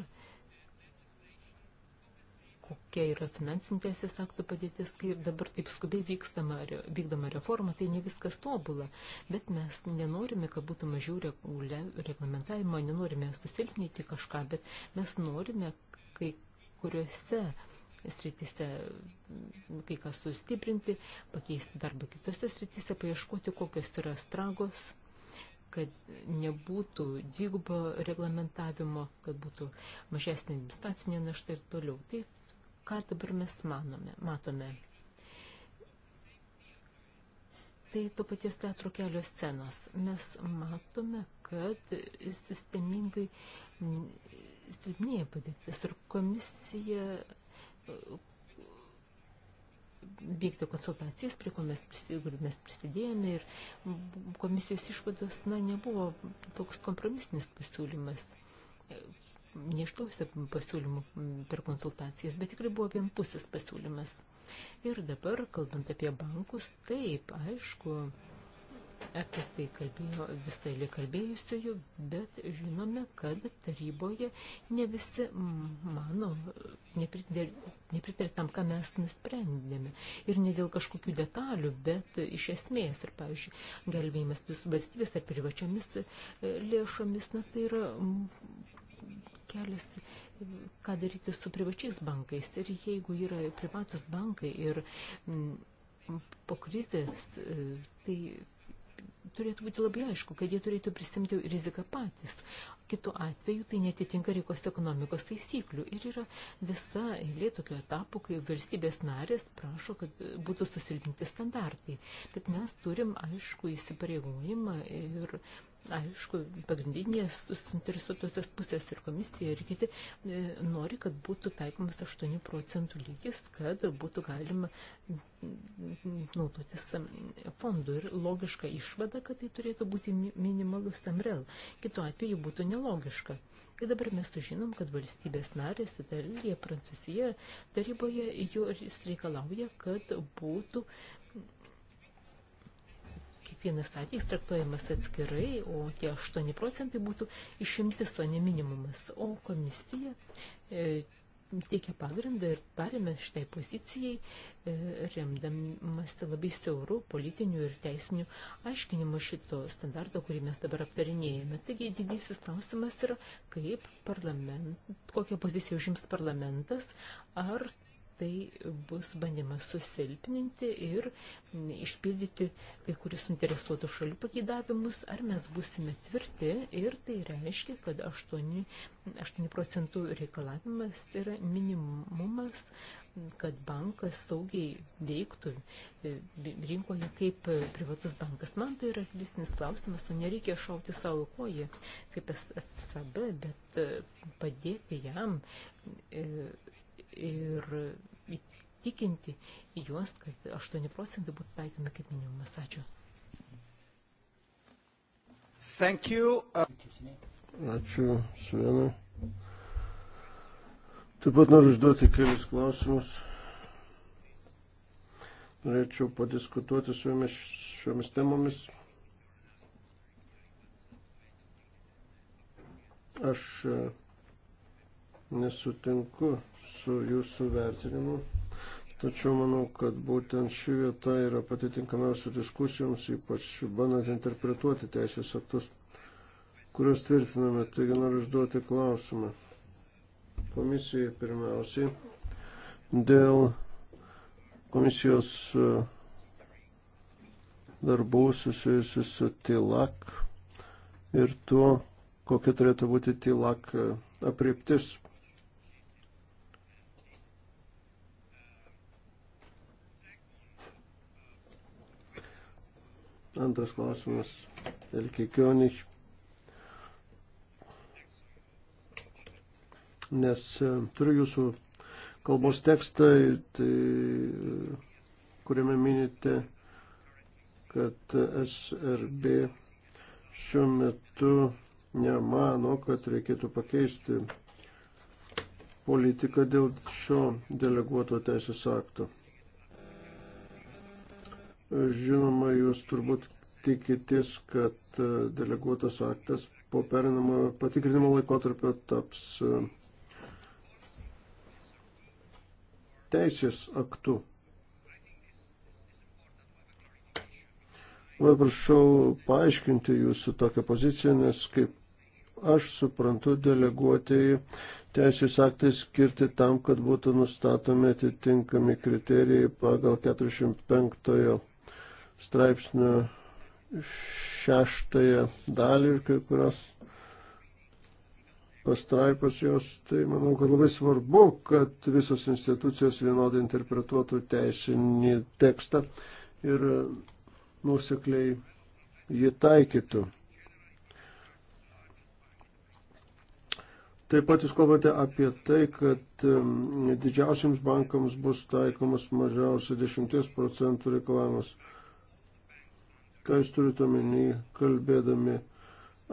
kokia yra finansinių teisės aktų padėtis, kaip dabar taip skubiai vykstama, vykdoma reforma, tai ne viskas tobula, bet mes nenorime, kad būtų mažiau regulia, reglamentavimo, nenorime susilpnyti kažką, bet mes norime kai kuriuose sritise kai ką sustiprinti, pakeisti darbą kitose sritise, paieškoti, kokios yra stragos kad nebūtų dvigubo reglamentavimo, kad būtų mažesnė administracinė našta ir toliau. Taip, ką dabar mes manome, matome. Tai to paties teatro kelio scenos. Mes matome, kad sistemingai silpnėja padėtis ir komisija uh, vykti konsultacijas, prie ko mes, mes prisidėjome ir komisijos išvados, na, nebuvo toks kompromisinis pasiūlymas neišklausė pasiūlymų per konsultacijas, bet tikrai buvo vienpusis pasiūlymas. Ir dabar, kalbant apie bankus, taip, aišku, apie tai kalbėjo visai likalbėjusiųjų, bet žinome, kad taryboje ne visi mano, nepritarė tam, ką mes nusprendėme. Ir ne dėl kažkokių detalių, bet iš esmės, ir pavyzdžiui, gelbėjimas visų valstybės ar privačiomis e, lėšomis, na tai yra kelias, ką daryti su privačiais bankais. Ir jeigu yra privatus bankai ir mm, po krizės, tai turėtų būti labai aišku, kad jie turėtų prisimti riziką patys. Kitu atveju tai netitinka reikos ekonomikos taisyklių. Ir yra visa eilė tokių etapų, kai valstybės narės prašo, kad būtų susilpinti standartai. Bet mes turim aišku įsipareigojimą ir aišku, pagrindinės suinteresuotosios pusės ir komisija ir kiti e, nori, kad būtų taikomas 8 procentų lygis, kad būtų galima naudotis fondu. Ir logiška išvada, kad tai turėtų būti minimalus MREL. Kitu atveju būtų nelogiška. Ir dabar mes sužinom, kad valstybės narės Italija, Prancūzija taryboje jau reikalauja, kad būtų kiekvienas atvejis traktuojamas atskirai, o tie 8 procentai būtų išimtis, o ne minimumas. O komisija e, teikia pagrindą ir parėmė šitai pozicijai, e, remdamasi labai siaurų politinių ir teisinių aiškinimų šito standarto, kurį mes dabar aptarinėjame. Taigi didysis klausimas yra, kaip parlament, kokią poziciją užims parlamentas, ar tai bus bandymas susilpninti ir išpildyti kai kurius interesuotų šalių pageidavimus, ar mes būsime tvirti ir tai reiškia, kad 8, 8 procentų reikalavimas yra minimumas, kad bankas saugiai veiktų rinkoje kaip privatus bankas. Man tai yra realistinis klausimas, o nereikia šauti savo koją kaip SAB, bet padėti jam. E, ir įtikinti juos, kad 8 procentai būtų taikomi kaip minimumas. Ačiū. Thank you. Uh, Ačiū, Svenai. Taip pat noriu užduoti kelius klausimus. Norėčiau padiskutuoti su jumis šiomis temomis. Aš uh, nesutinku su jūsų vertinimu, tačiau manau, kad būtent ši vieta yra pati tinkamiausia diskusijoms, ypač bandant interpretuoti teisės aktus, kuriuos tvirtiname. Taigi noriu užduoti klausimą. Komisijai pirmiausiai dėl komisijos e, darbų susijusių su TILAK ir tuo, kokia turėtų būti TILAK e, apriptis. Antras klausimas, Elke Kionich. Nes e, turiu jūsų kalbos tekstą, tai, e, kuriame minite, kad SRB šiuo metu nemano, kad reikėtų pakeisti politiką dėl šio deleguoto teisės akto. Žinoma, jūs turbūt tikitės, kad e, deleguotas aktas po perinamo patikrinimo laikotarpio taps e, teisės aktu. Labai prašau paaiškinti jūsų tokią poziciją, nes kaip aš suprantu, deleguotieji teisės aktai skirti tam, kad būtų nustatomi atitinkami kriterijai pagal 45 straipsnio šeštąją dalį ir kai kurios pastraipas jos, tai manau, kad labai svarbu, kad visos institucijos vienodai interpretuotų teisinį tekstą ir nusekliai jį taikytų. Taip pat jūs kalbate apie tai, kad um, didžiausiams bankams bus taikomas mažiausiai 10 procentų reikalavimas Ką jūs turite omeny, kalbėdami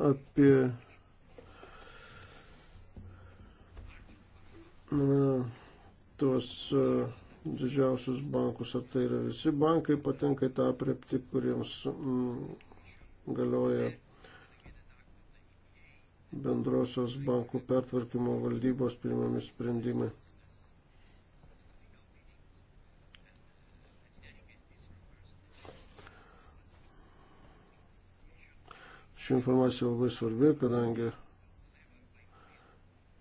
apie na, tuos uh, didžiausius bankus, ar tai yra visi bankai patenka į tą aprepti, kuriems mm, galioja bendrosios bankų pertvarkymo valdybos priimami sprendimai. Ši informacija labai svarbi, kadangi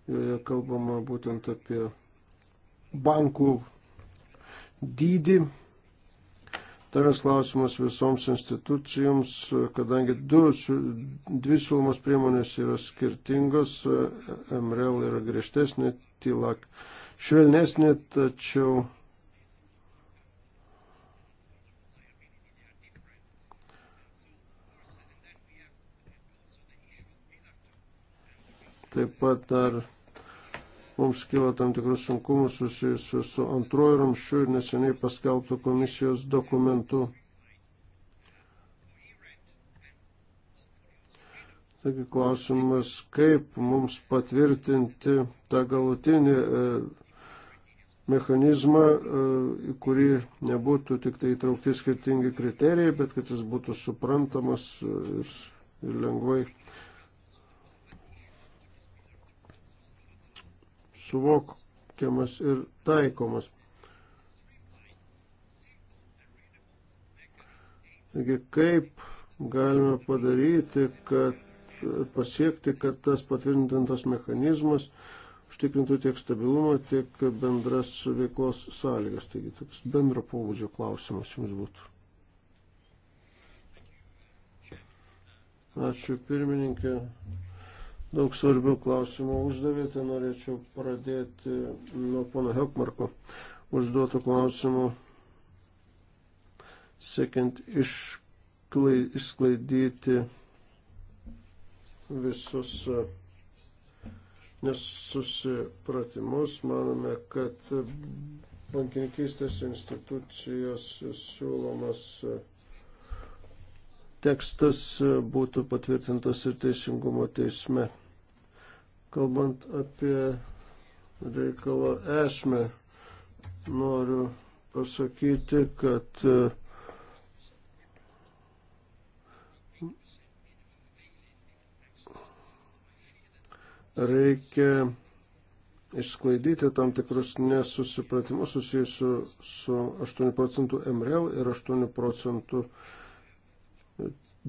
joje kalbama būtent apie bankų dydį. Tavęs klausimas visoms institucijoms, kadangi du, dvi siūlomos priemonės yra skirtingos, MRL yra griežtesnė, TILAK švelnesnė, tačiau Taip pat dar mums kilo tam tikrus sunkumus susijusius su antruoju ramščiu ir neseniai paskelbtų komisijos dokumentu. Taigi klausimas, kaip mums patvirtinti tą galutinį e, mechanizmą, e, į kurį nebūtų tik tai įtraukti skirtingi kriterijai, bet kad jis būtų suprantamas e, ir, ir lengvai suvokiamas ir taikomas. Taigi kaip galime padaryti, kad pasiekti, kad tas patvirtintas mechanizmas užtikrintų tiek stabilumą, tiek bendras veiklos sąlygas. Taigi toks bendro pobūdžio klausimas jums būtų. Ačiū pirmininkė daug svarbių klausimų uždavėte. Norėčiau pradėti nuo pono Hekmarko užduotų klausimų, siekiant išklai, išsklaidyti visus uh, nesusipratimus. Manome, kad uh, bankininkystės institucijos siūlomas uh, tekstas būtų patvirtintas ir teisingumo teisme. Kalbant apie reikalo esmę, noriu pasakyti, kad e, reikia išsklaidyti tam tikrus nesusipratimus susijusius su 8 procentų MRL ir 8 procentų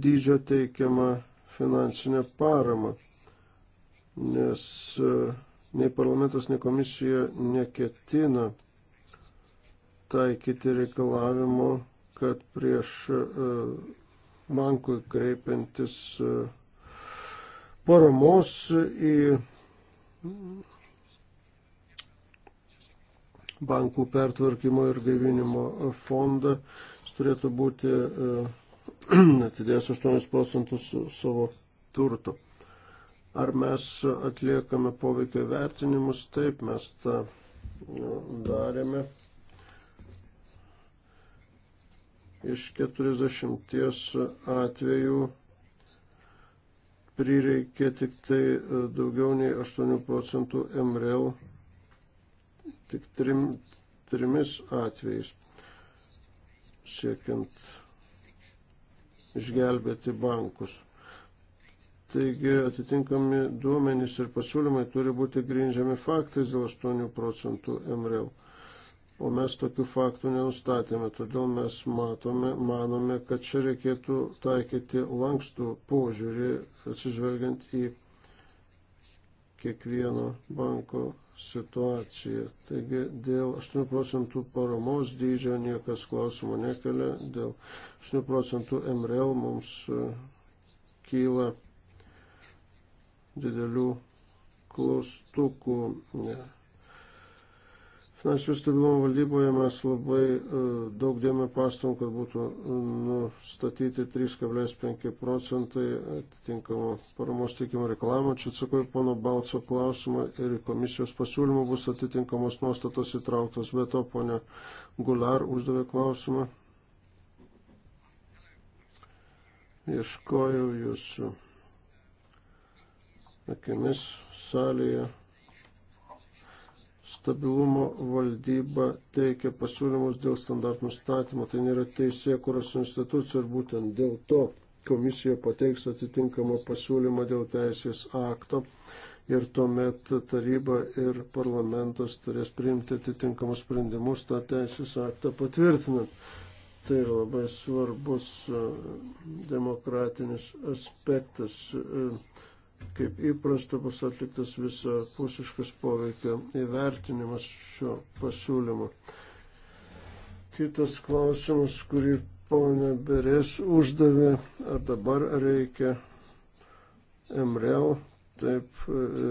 dydžio teikiama finansinė parama nes e, nei parlamentas, nei komisija neketina taikyti reikalavimo, kad prieš e, bankui kreipiantis e, paramos į bankų pertvarkymo ir gaivinimo fondą turėtų būti atidėjęs 8 procentus savo turto. Ar mes atliekame poveikio vertinimus? Taip, mes tą nu, darėme. Iš 40 atvejų prireikė tik tai e, daugiau nei 8 procentų MRL, tik trim, trimis atvejais siekiant išgelbėti bankus. Taigi atitinkami duomenys ir pasiūlymai turi būti grindžiami faktais dėl 8 procentų MRL. E o mes tokių faktų nenustatėme, todėl mes matome, manome, kad čia reikėtų taikyti lankstų požiūrį, atsižvelgiant į kiekvieno banko situaciją. Taigi dėl 8 procentų paramos dydžio niekas klausimo nekelia, dėl 8 procentų MRL e mums e, kyla didelių klaustukų. Finansijų stabilumo valdyboje mes labai e, daug dėmesio pastom, kad būtų e, nustatyti 3,5 procentai atitinkamo paramos teikimo reklamą. Čia atsakau į pono Balco klausimą ir komisijos pasiūlymų bus atitinkamos nuostatos įtrauktos. Be to, ponė Gular uždavė klausimą. Ieškojau jūsų. Jūs akimis salėje stabilumo valdyba teikia pasiūlymus dėl standartų nustatymo. Tai nėra teisė, kurios institucija ir būtent dėl to komisija pateiks atitinkamą pasiūlymą dėl teisės akto ir tuomet taryba ir parlamentas turės priimti atitinkamus sprendimus tą teisės aktą patvirtinant. Tai yra labai svarbus e, demokratinis aspektas. E, Kaip įprasta bus atliktas visapusiškas poveikio įvertinimas šio pasiūlymo. Kitas klausimas, kurį ponė Berės uždavė, ar dabar reikia MREL taip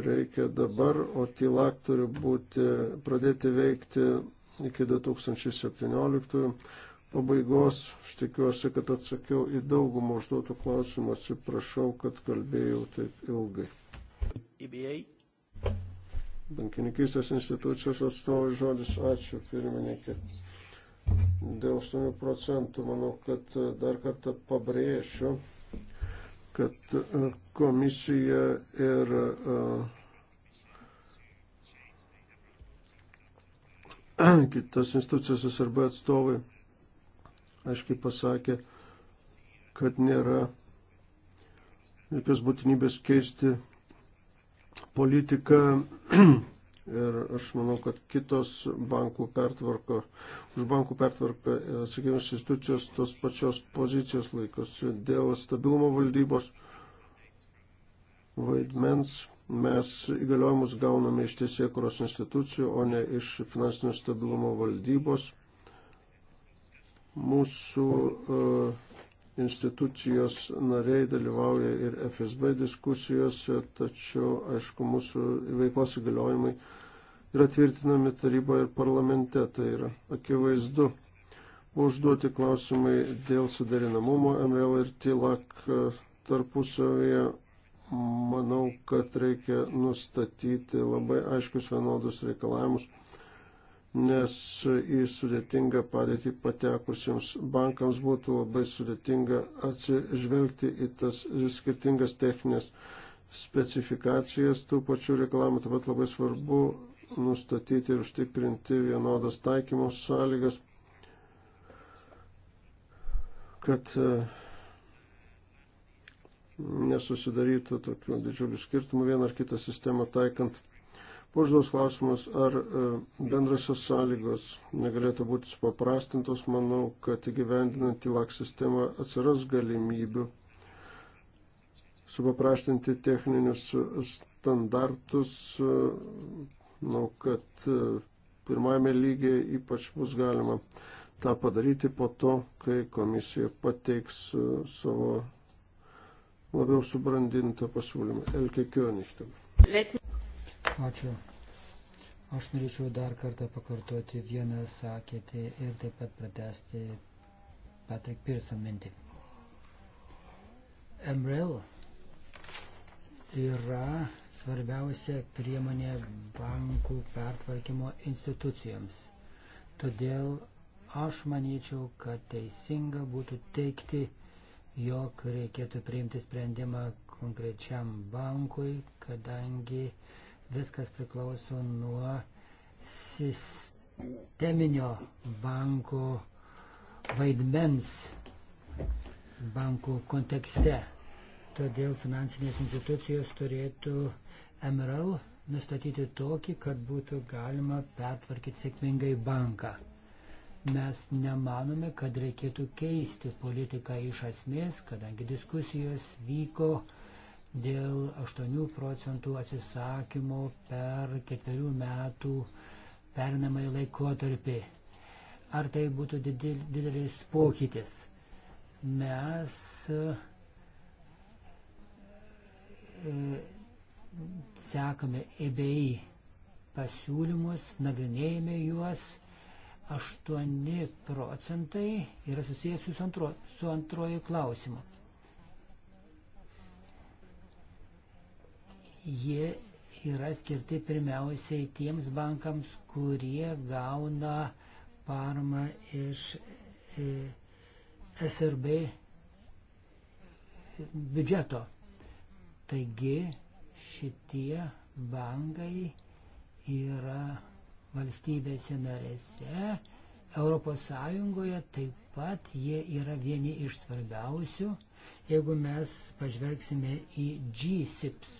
reikia dabar, o TILAK turi būti, pradėti veikti iki 2017 pabaigos. Aš tikiuosi, kad atsakiau į daugumą užduotų klausimų. Atsiprašau, kad kalbėjau taip ilgai. EBA. Bankininkistės institucijos atstovai žodis. Ačiū, pirmininkė. Dėl 8 procentų manau, kad dar kartą pabrėšiu, kad e, komisija ir uh, kitos institucijos SRB atstovai aiškiai pasakė, kad nėra jokios būtinybės keisti politiką. Ir aš manau, kad kitos bankų pertvarko, už bankų pertvarką, e, sakykime, institucijos tos pačios pozicijos laikosi. Dėl stabilumo valdybos vaidmens mes įgaliojimus gauname iš tiesiekuros institucijų, o ne iš finansinio stabilumo valdybos Mūsų e, institucijos nariai dalyvauja ir FSB diskusijose, tačiau, aišku, mūsų veiklos įgaliojimai yra tvirtinami taryboje ir parlamente, tai yra akivaizdu. Buvo užduoti klausimai dėl suderinamumo ML ir TILAK e, tarpusavėje. Manau, kad reikia nustatyti labai aiškius vienodus reikalavimus nes į sudėtingą padėtį patekusiems bankams būtų labai sudėtinga atsižvelgti į tas skirtingas techninės specifikacijas tų pačių reklamų. Taip pat labai svarbu nustatyti ir užtikrinti vienodas taikymos sąlygas, kad e, nesusidarytų tokių didžiulių skirtumų vieną ar kitą sistemą taikant Užduos klausimas, ar e, bendrasios sąlygos negalėtų būti supaprastintos, manau, kad įgyvendinant įlak sistemą atsiras galimybių supaprastinti techninius standartus, manau, kad e, pirmame lygiai ypač bus galima tą padaryti po to, kai komisija pateiks e, savo labiau subrandintą pasiūlymą. Elke Kionichtė. Ačiū. Aš norėčiau dar kartą pakartoti vieną sakėtį ir taip pat pratesti Patrik Pirsan mintį. MRL yra svarbiausia priemonė bankų pertvarkymo institucijoms. Todėl aš manyčiau, kad teisinga būtų teikti, jog reikėtų priimti sprendimą konkrečiam bankui, kadangi uh, Viskas priklauso nuo sisteminio banko vaidmens bankų kontekste. Todėl finansinės institucijos turėtų MRL nustatyti tokį, kad būtų galima pertvarkyti sėkmingai banką. Mes nemanome, kad reikėtų keisti politiką iš esmės, kadangi diskusijos vyko dėl 8 procentų atsisakymo per ketverių metų pernamąjį laikotarpį. Ar tai būtų didelis pokytis? Mes e, sekame EBI pasiūlymus, nagrinėjame juos. 8 procentai yra susijęs su, antro, su antroju klausimu. jie yra skirti pirmiausiai tiems bankams, kurie gauna paramą iš e, SRB biudžeto. Taigi šitie bankai yra valstybėse narėse, Europos Sąjungoje taip pat jie yra vieni iš svarbiausių, jeigu mes pažvelgsime į G-SIPS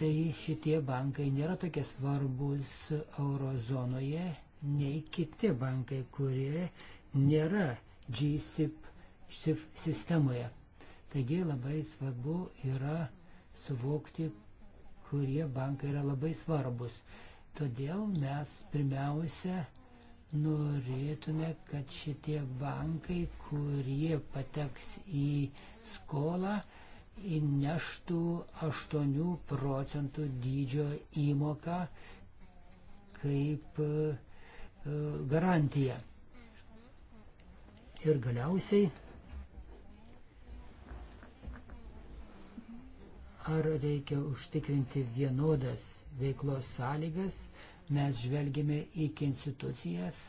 tai šitie bankai nėra tokie svarbus eurozonoje nei kiti bankai, kurie nėra GSIP sistemoje. Taigi labai svarbu yra suvokti, kurie bankai yra labai svarbus. Todėl mes pirmiausia norėtume, kad šitie bankai, kurie pateks į skolą, įneštų 8 procentų dydžio įmoką kaip e, garantija. Ir galiausiai, ar reikia užtikrinti vienodas veiklos sąlygas, mes žvelgime į institucijas,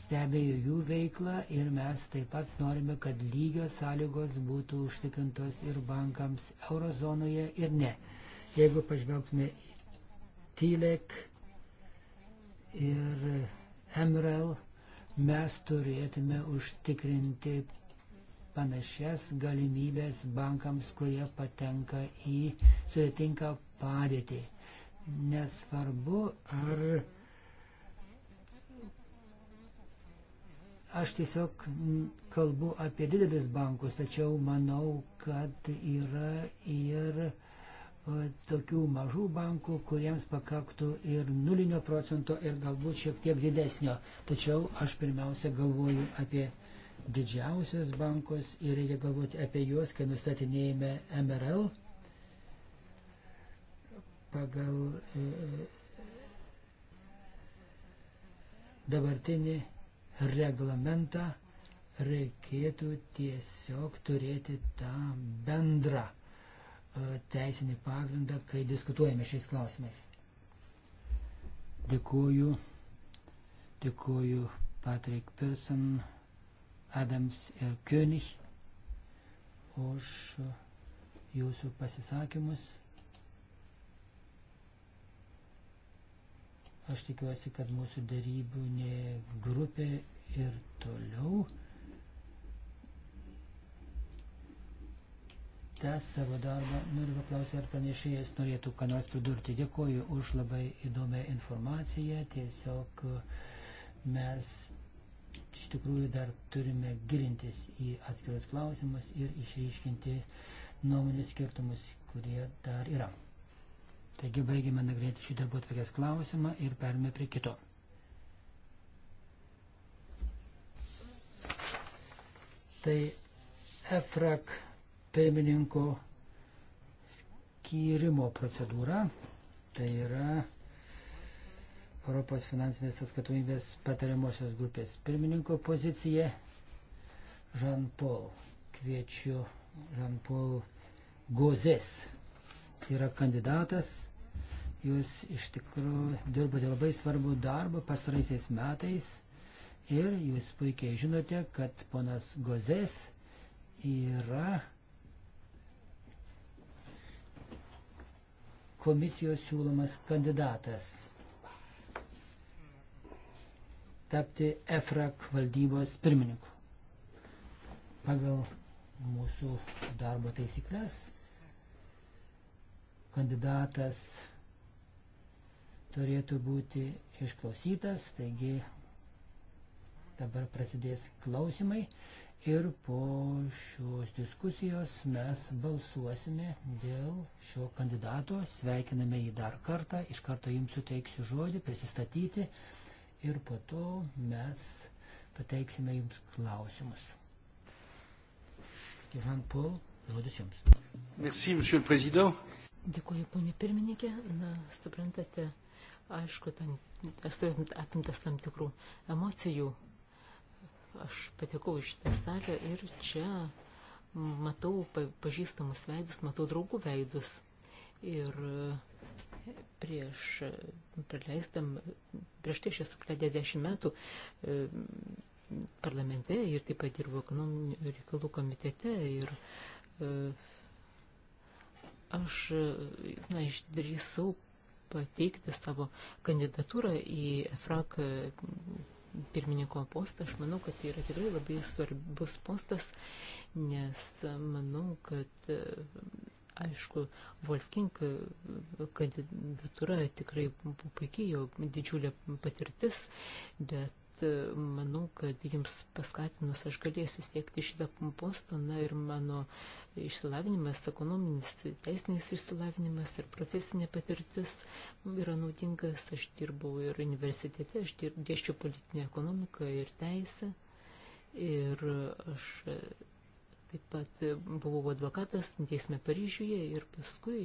stebėjo jų veiklą ir mes taip pat norime, kad lygios sąlygos būtų užtikrintos ir bankams eurozonoje ir ne. Jeigu pažvelgtume į TILEK ir MREL, mes turėtume užtikrinti panašias galimybės bankams, kurie patenka į sudėtingą padėtį. Nesvarbu, ar Aš tiesiog kalbu apie didelius bankus, tačiau manau, kad yra ir e, tokių mažų bankų, kuriems pakaktų ir nulinio procento ir galbūt šiek tiek didesnio. Tačiau aš pirmiausia galvoju apie didžiausius bankus ir reikia galvoti apie juos, kai nustatinėjame MRL pagal e, e dabartinį reglamentą reikėtų tiesiog turėti tą bendrą e, teisinį pagrindą, kai diskutuojame šiais klausimais. Dėkuoju, dėkuoju Patrick Pearson, Adams ir König už e, jūsų pasisakymus. Aš tikiuosi, kad mūsų darybinė grupė ir toliau tęs savo darbą. Noriu paklausyti, ar pranešėjas norėtų ką nors pridurti. Dėkuoju už labai įdomią informaciją. Tiesiog uh, mes iš tikrųjų dar turime gilintis į atskirus klausimus ir išryškinti nuomonių skirtumus, kurie dar yra. Taigi baigėme nagrėti šį darbo atvarkės klausimą ir perėmė prie kito. Tai EFRAK pirmininko skyrimo procedūra, tai yra Europos finansinės atskatomybės patariamosios grupės pirmininko pozicija. Jean-Paul, kviečiu Jean-Paul Gozės yra kandidatas. Jūs iš tikrųjų dirbate labai svarbų darbą pastaraisiais metais ir jūs puikiai žinote, kad ponas Gozės yra komisijos siūlomas kandidatas tapti EFRAK valdybos pirmininku. Pagal mūsų darbo taisyklės kandidatas turėtų būti išklausytas, taigi dabar prasidės klausimai ir po šios diskusijos mes balsuosime dėl šio kandidato. Sveikiname jį dar kartą, iš karto jums suteiksiu žodį, prisistatyti ir po to mes pateiksime jums klausimus. Jean-Paul, žodis jums. Merci, monsieur le président. Dėkuoju, ponė pirmininkė. Na, suprantate, aišku, ten, esu apimtas tam tikrų emocijų. Aš patekau iš tą salę ir čia matau pažįstamus veidus, matau draugų veidus. Ir prieš, praleistam, prieš tai aš esu pradė dešimt metų e, parlamente ir taip pat dirbu ekonominių reikalų komitete ir e, Aš, na, išdrįsau pateikti savo kandidatūrą į FRAK pirmininko postą. Aš manau, kad tai yra tikrai labai svarbus postas, nes manau, kad aišku, Wolfgang kandidatūra tikrai puikiai, jo didžiulė patirtis, bet E, manau, kad jums paskatinus aš galėsiu siekti šitą postą, na ir mano išsilavinimas, ekonominis, teisinis išsilavinimas ir profesinė patirtis yra naudingas. Aš dirbau ir universitete, aš dėščiau politinę ekonomiką ir teisę. Ir aš e, taip pat buvau advokatas teisme Paryžiuje ir paskui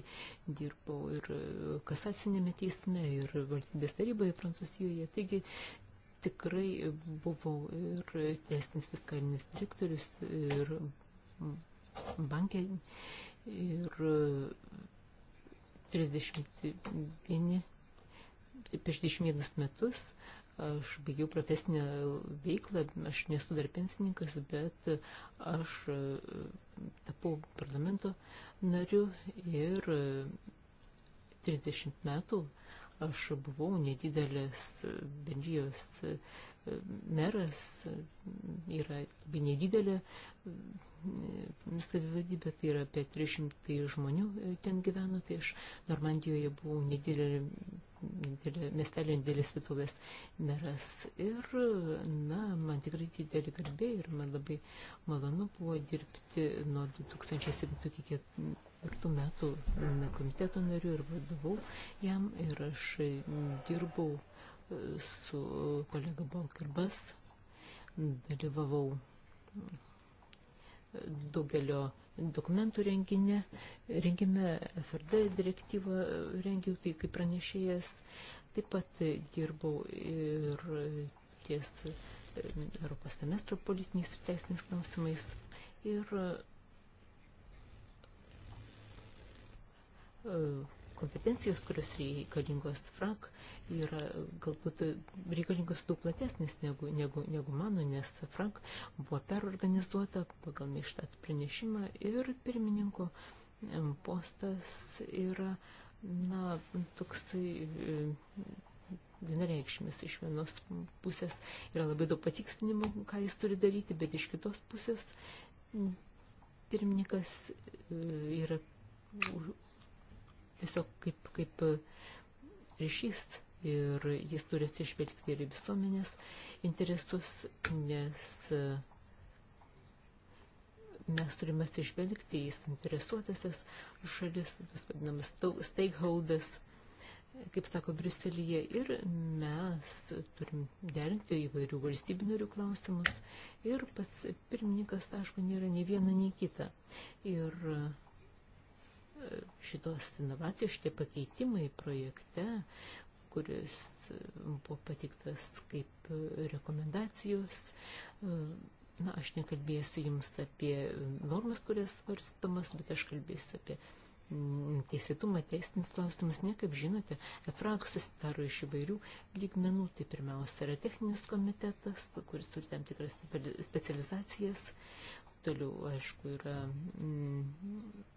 dirbau ir e, kasacinėme teisme ir valstybės taryboje Prancūzijoje. Taigi tikrai buvau ir tiesnis fiskalinis direktorius, ir bankė, ir 31, prieš 21 metus aš baigiau profesinę veiklą, aš nesu dar pensininkas, bet aš tapau parlamento nariu ir 30 metų Aš buvau nedidelės bendrijos e, meras, yra labai nedidelė e, savivaldybė, tai yra apie 300 žmonių e, ten gyveno, tai aš Normandijoje buvau nedidelė, nedidelė miestelio nedidelės vietovės meras. Ir, na, man tikrai didelį garbė ir man labai malonu buvo dirbti nuo 2007 iki ketvirtų metų komiteto nariu ir vadovau jam ir aš dirbau e, su kolega Balkarbas, dalyvavau e, daugelio dokumentų renginė, rengime FRD direktyvą rengiau, tai kaip pranešėjas, taip pat dirbau ir ties e, Europos semestro politiniais ir teisiniais klausimais ir E, kompetencijos, kurios reikalingos frank, yra galbūt reikalingos daug platesnis negu, negu, negu mano, nes frank buvo perorganizuota pagal meištat pranešimą ir pirmininko e, postas yra, na, toksai e, vienareikšmis iš vienos pusės yra labai daug patikslinimų, ką jis turi daryti, bet iš kitos pusės pirmininkas yra tiesiog kaip, kaip ryšys ir jis turi atsižvelgti ir visuomenės interesus, nes mes turime atsižvelgti į suinteresuotasias šalis, tas vadinamas stakeholders, kaip sako Briuselyje, ir mes turim derinti įvairių valstybinarių klausimus ir pats pirmininkas, aišku, nėra nei viena, nei kita. Ir uh, šitos inovacijos, šitie pakeitimai projekte, kuris buvo patiktas kaip rekomendacijos. Na, aš nekalbėsiu jums apie normas, kurias svarstamas, bet aš kalbėsiu apie teisėtumą, teisinis klausimas, ne kaip žinote, EFRAG susidaro iš įvairių lygmenų, tai pirmiausia yra techninis komitetas, kuris turi tam tikras specializacijas, toliau, aišku, yra mm,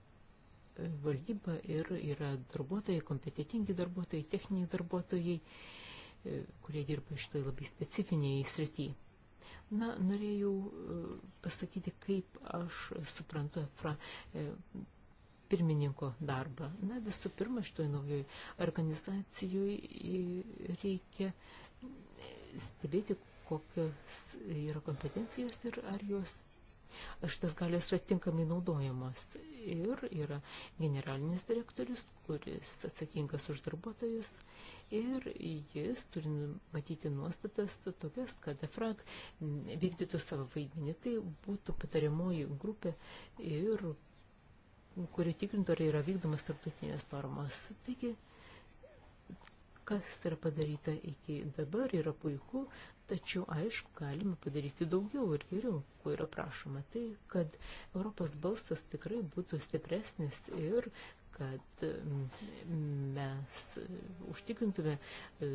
valdyba ir yra darbuotojai, kompetitingi darbuotojai, techniniai darbuotojai, e, kurie dirba iš tai labai specifiniai srityje. Na, norėjau e, pasakyti, kaip aš suprantu EFRA e, pirmininko darbą. Na, visų pirma, šitoje naujoje organizacijoje reikia stebėti, kokios yra kompetencijos ir ar jos, ar šitas galės yra tinkamai naudojamos ir yra generalinis direktorius, kuris atsakingas už darbuotojus ir jis turi matyti nuostatas tokias, kad EFRAG vykdytų savo vaidmenį, tai būtų patariamoji grupė ir kuri tikrintų, ar yra vykdomas tarptautinės normos. Taigi, kas yra padaryta iki dabar, yra puiku, Tačiau, aišku, galima padaryti daugiau ir geriau, kuo yra prašoma. Tai, kad Europos balsas tikrai būtų stipresnis ir kad mm, mes mm, užtikrintume e,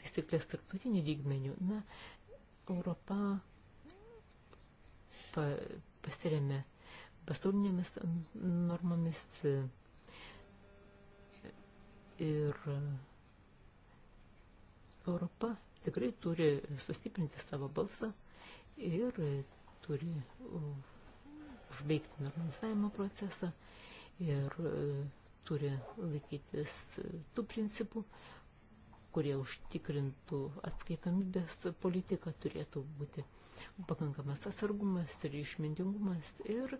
taisyklės tarptautinį lygmenių. Na, Europa pa, pasiremė pasaulinėmis normomis ir Europa tikrai turi sustiprinti savo balsą ir turi užbaigti normalizavimo procesą ir e, turi laikytis tų principų, kurie užtikrintų atskaitomybės politiką, turėtų būti pakankamas atsargumas ir išmintingumas ir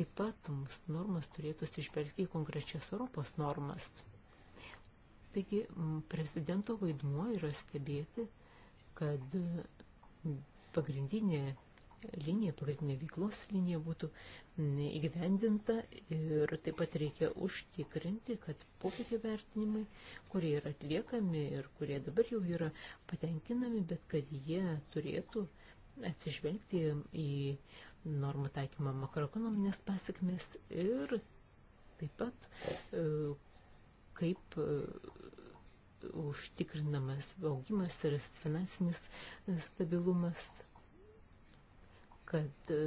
taip pat mūsų normas turėtų išvelgti į konkrečias Europos normas. Taigi prezidento vaidmuo yra stebėti, kad pagrindinė linija, pagrindinė veiklos linija būtų įgyvendinta ir taip pat reikia užtikrinti, kad poveikio vertinimai, kurie yra atliekami ir kurie dabar jau yra patenkinami, bet kad jie turėtų atsižvelgti į normų taikymą makroekonominės pasiekmes ir taip pat e, kaip e, užtikrinamas augimas ir finansinis stabilumas, kad e,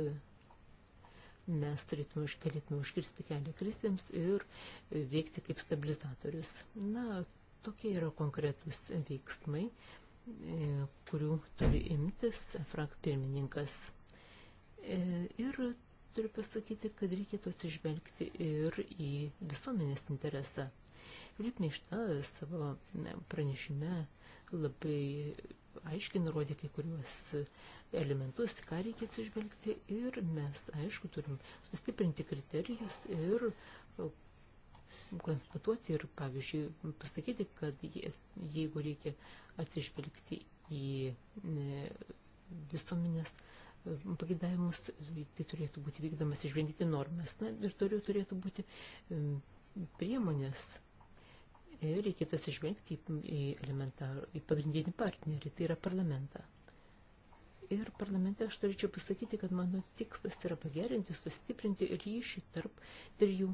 mes turėtume, galėtume užkirsti kelią krizėms ir e, veikti kaip stabilizatorius. Na, tokie yra konkretūs veiksmai, e, kurių turi imtis frak pirmininkas. Ir turiu pasakyti, kad reikėtų atsižvelgti ir į visuomenės interesą Liūtmišta savo pranešime labai aiškiai nurodė kai kuriuos elementus, ką reikia atsižvelgti ir mes, aišku, turim sustiprinti kriterijus ir konstatuoti ir, pavyzdžiui, pasakyti, kad jeigu reikia atsižvelgti į visuomenės e, pagėdavimus, tai turėtų būti vykdomas išvengti normas. Na ir toliau turėtų būti priemonės ir reikėtų atsižvelgti į, elementar, į pagrindinį partnerį, tai yra parlamentą. Ir parlamente aš turėčiau pasakyti, kad mano tikslas yra pagerinti, sustiprinti ryšį tarp trijų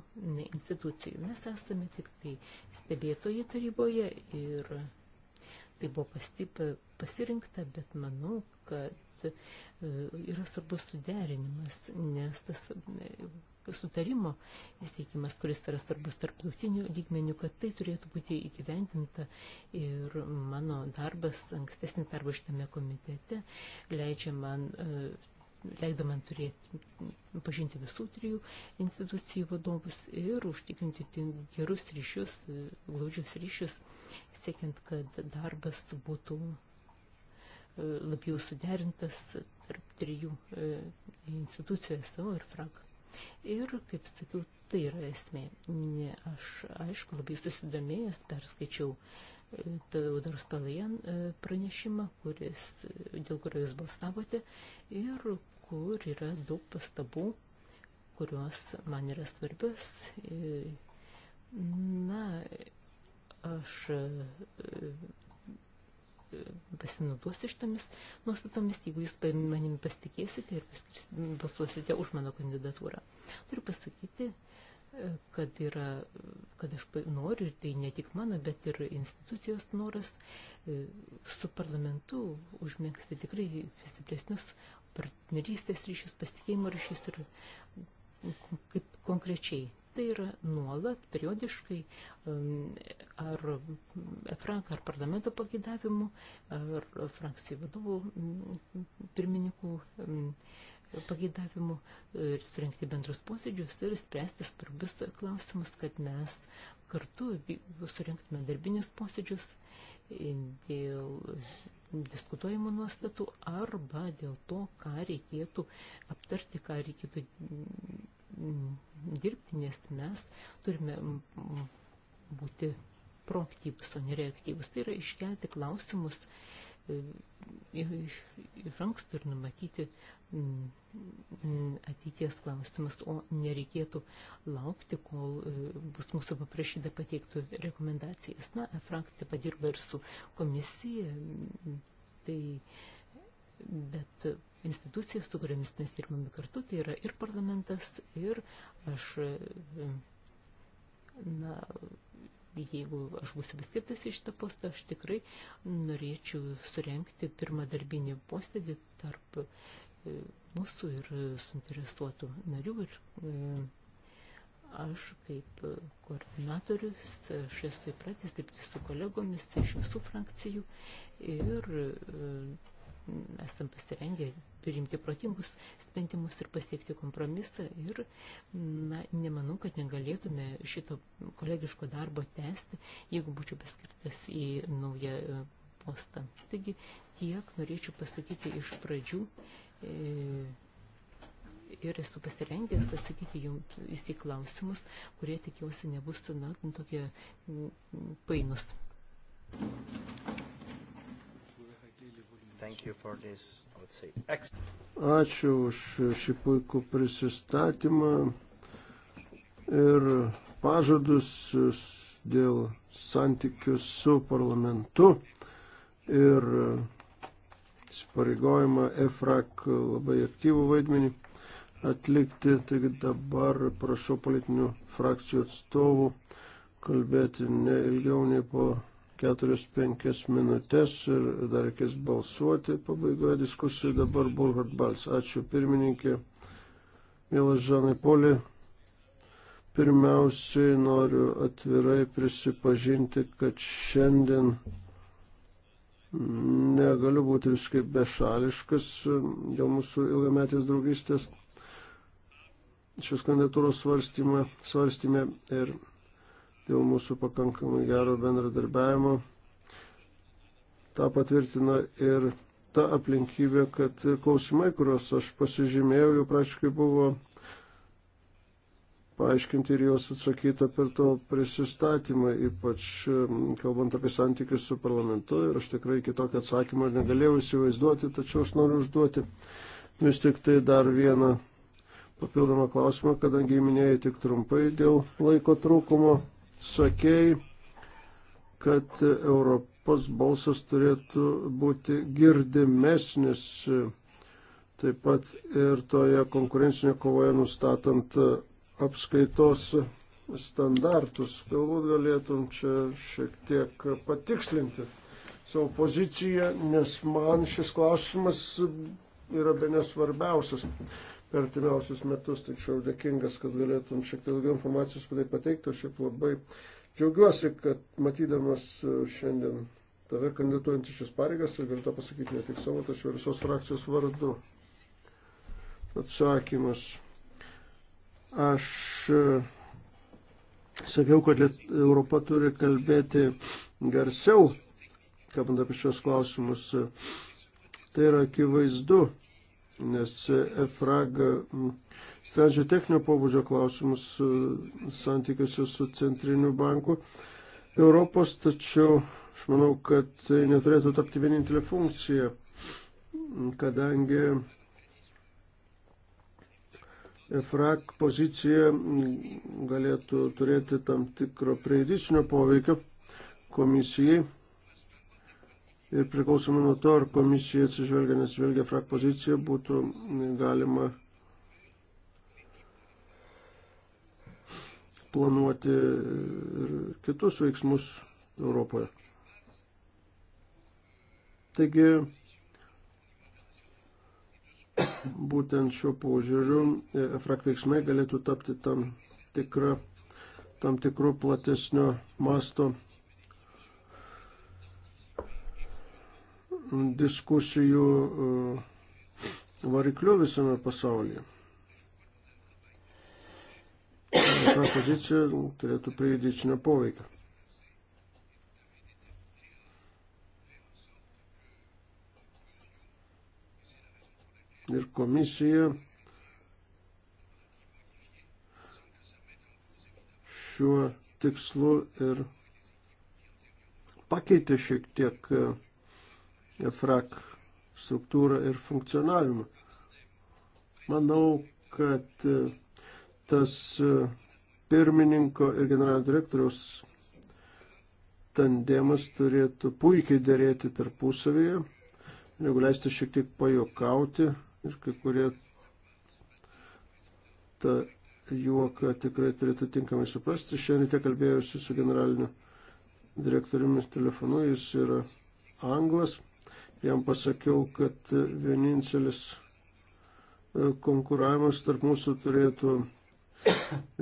institucijų. Mes esame tik tai stebėtojai taryboje ir tai buvo pastip, pasirinkta, bet manau, kad e, yra svarbus suderinimas, nes tas sutarimo įsteigimas, kuris yra svarbus tarptautinių lygmenių, kad tai turėtų būti įgyvendinta. Ir mano darbas, ankstesnis darbas šitame komitete, leidžia man, e, leido man turėti, pažinti visų trijų institucijų vadovus ir užtikrinti gerus ryšius, e, glaudžius ryšius, siekiant, kad darbas būtų e, labiau suderintas tarp trijų institucijų SO ir FRAG. Ir, kaip sakiau, tai yra esmė. Aš, aišku, labai susidomėjęs perskaičiau e, Teodor Stalajan e, pranešimą, kuris, e, dėl kurio jūs balsavote, ir kur yra daug pastabų, kurios man yra svarbios. Na, aš pasinaudosiu šitomis nuostatomis, jeigu jūs manim pasitikėsite ir balsuosite už mano kandidatūrą. Turiu pasakyti, e, kad, yra, kad aš noriu, ir tai ne tik mano, bet ir institucijos noras e, su parlamentu užmėgsti tikrai stipresnius partnerystės ryšius, pasitikėjimo ryšius ir kaip konkrečiai tai yra nuolat, periodiškai, ar frank, ar parlamento pagėdavimu, ar frakcijų vadovų pirmininkų pagėdavimu ir surinkti bendrus posėdžius ir spręsti svarbius klausimus, kad mes kartu surinktume darbinius posėdžius dėl diskutuojamų nuostatų arba dėl to, ką reikėtų aptarti, ką reikėtų dirbti, nes mes turime būti proaktyvus, o nereaktyvus. Tai yra iškelti klausimus e, iš anksto ir numatyti ateities klausimus, o nereikėtų laukti, kol e, bus mūsų paprašyta pateiktų rekomendacijas. Na, frakcija padirba ir su komisija, tai bet institucijas, su kuriamis mes dirbame kartu, tai yra ir parlamentas, ir aš, na, jeigu aš būsiu paskirtas į šitą postą, aš tikrai norėčiau surenkti pirmą darbinį posėdį tarp e, mūsų ir suinteresuotų narių. Ir, e, aš kaip koordinatorius, aš esu įpratęs dirbti su kolegomis tai iš visų frakcijų ir e, esam pasirengę priimti protingus sprendimus ir pasiekti kompromisą ir na, nemanau, kad negalėtume šito kolegiško darbo tęsti, jeigu būčiau paskirtas į naują e, postą. Taigi tiek norėčiau pasakyti iš pradžių. E, ir esu pasirengęs atsakyti jums į klausimus, kurie tikiuosi nebus, na, tokie painus. Thank you for this, I would say, excellent. Ačiū už šį puikų prisistatymą ir pažadus dėl santykių su parlamentu ir įsipareigojimą EFRAK labai aktyvų vaidmenį atlikti. Taigi dabar prašau politinių frakcijų atstovų kalbėti ne ilgiau nei po 4-5 minutės ir dar reikės balsuoti pabaigoje diskusijų. Dabar Burhard Bals. Ačiū pirmininkė. Mielas Žanai Polė, pirmiausiai noriu atvirai prisipažinti, kad šiandien negaliu būti visiškai bešališkas dėl mūsų ilgametės draugystės šios kandidatūros svarstymė, svarstymė ir dėl mūsų pakankamai gero bendradarbiavimo. Ta patvirtina ir ta aplinkybė, kad klausimai, kuriuos aš pasižymėjau, jau praktiškai buvo paaiškinti ir jos atsakyta per to prisistatymą, ypač um, kalbant apie santykius su parlamentu. Ir aš tikrai kitokio atsakymo negalėjau įsivaizduoti, tačiau aš noriu užduoti vis tik tai dar vieną papildomą klausimą, kadangi minėjai tik trumpai dėl laiko trūkumo sakėjai, kad Europos balsas turėtų būti girdimesnis taip pat ir toje konkurencinėje kovoje nustatant apskaitos standartus. Galbūt galėtum čia šiek tiek patikslinti savo poziciją, nes man šis klausimas yra be nesvarbiausias. svarbiausias per artimiausius metus, tačiau dėkingas, kad galėtum šiek tiek daugiau informacijos padai pateikti, aš šiaip labai džiaugiuosi, kad matydamas šiandien tave kandidatuojant į šias pareigas ir galiu to pasakyti ne tik savo, tačiau ir visos frakcijos vardu. Atsakymas. Aš e, sakiau, kad Europa turi kalbėti garsiau, kalbant apie šios klausimus. Tai yra akivaizdu nes EFRAG mm, sprendžia techninio pobūdžio klausimus e, santykiuose su centriniu banku Europos, tačiau aš manau, kad tai neturėtų tapti vienintelė funkcija, mm, kadangi EFRAG pozicija mm, galėtų turėti tam tikro prejudicinio poveikio komisijai ir priklausomai nuo to, ar komisija atsižvelgia, nesižvelgia frak poziciją, būtų galima planuoti ir kitus veiksmus Europoje. Taigi, būtent šiuo požiūriu EFRAK veiksmai galėtų tapti tam, tikra, tam tikru platesnio masto diskusijų e, varikliu visame pasaulyje. Ta pozicija turėtų prejudicinio poveikio. Ir komisija šiuo tikslu ir pakeitė šiek tiek uh, EFRAK struktūrą ir funkcionavimą. Manau, kad e, tas e, pirmininko ir generalinio direktoriaus tandemas turėtų puikiai dėrėti tarpusavėje, jeigu leisti šiek tiek pajokauti ir kai kurie tą juoką tikrai turėtų tinkamai suprasti. Šiandien tiek kalbėjusi su generaliniu direktoriumi telefonu, jis yra anglas jam pasakiau, kad vienintelis e, konkuravimas tarp mūsų turėtų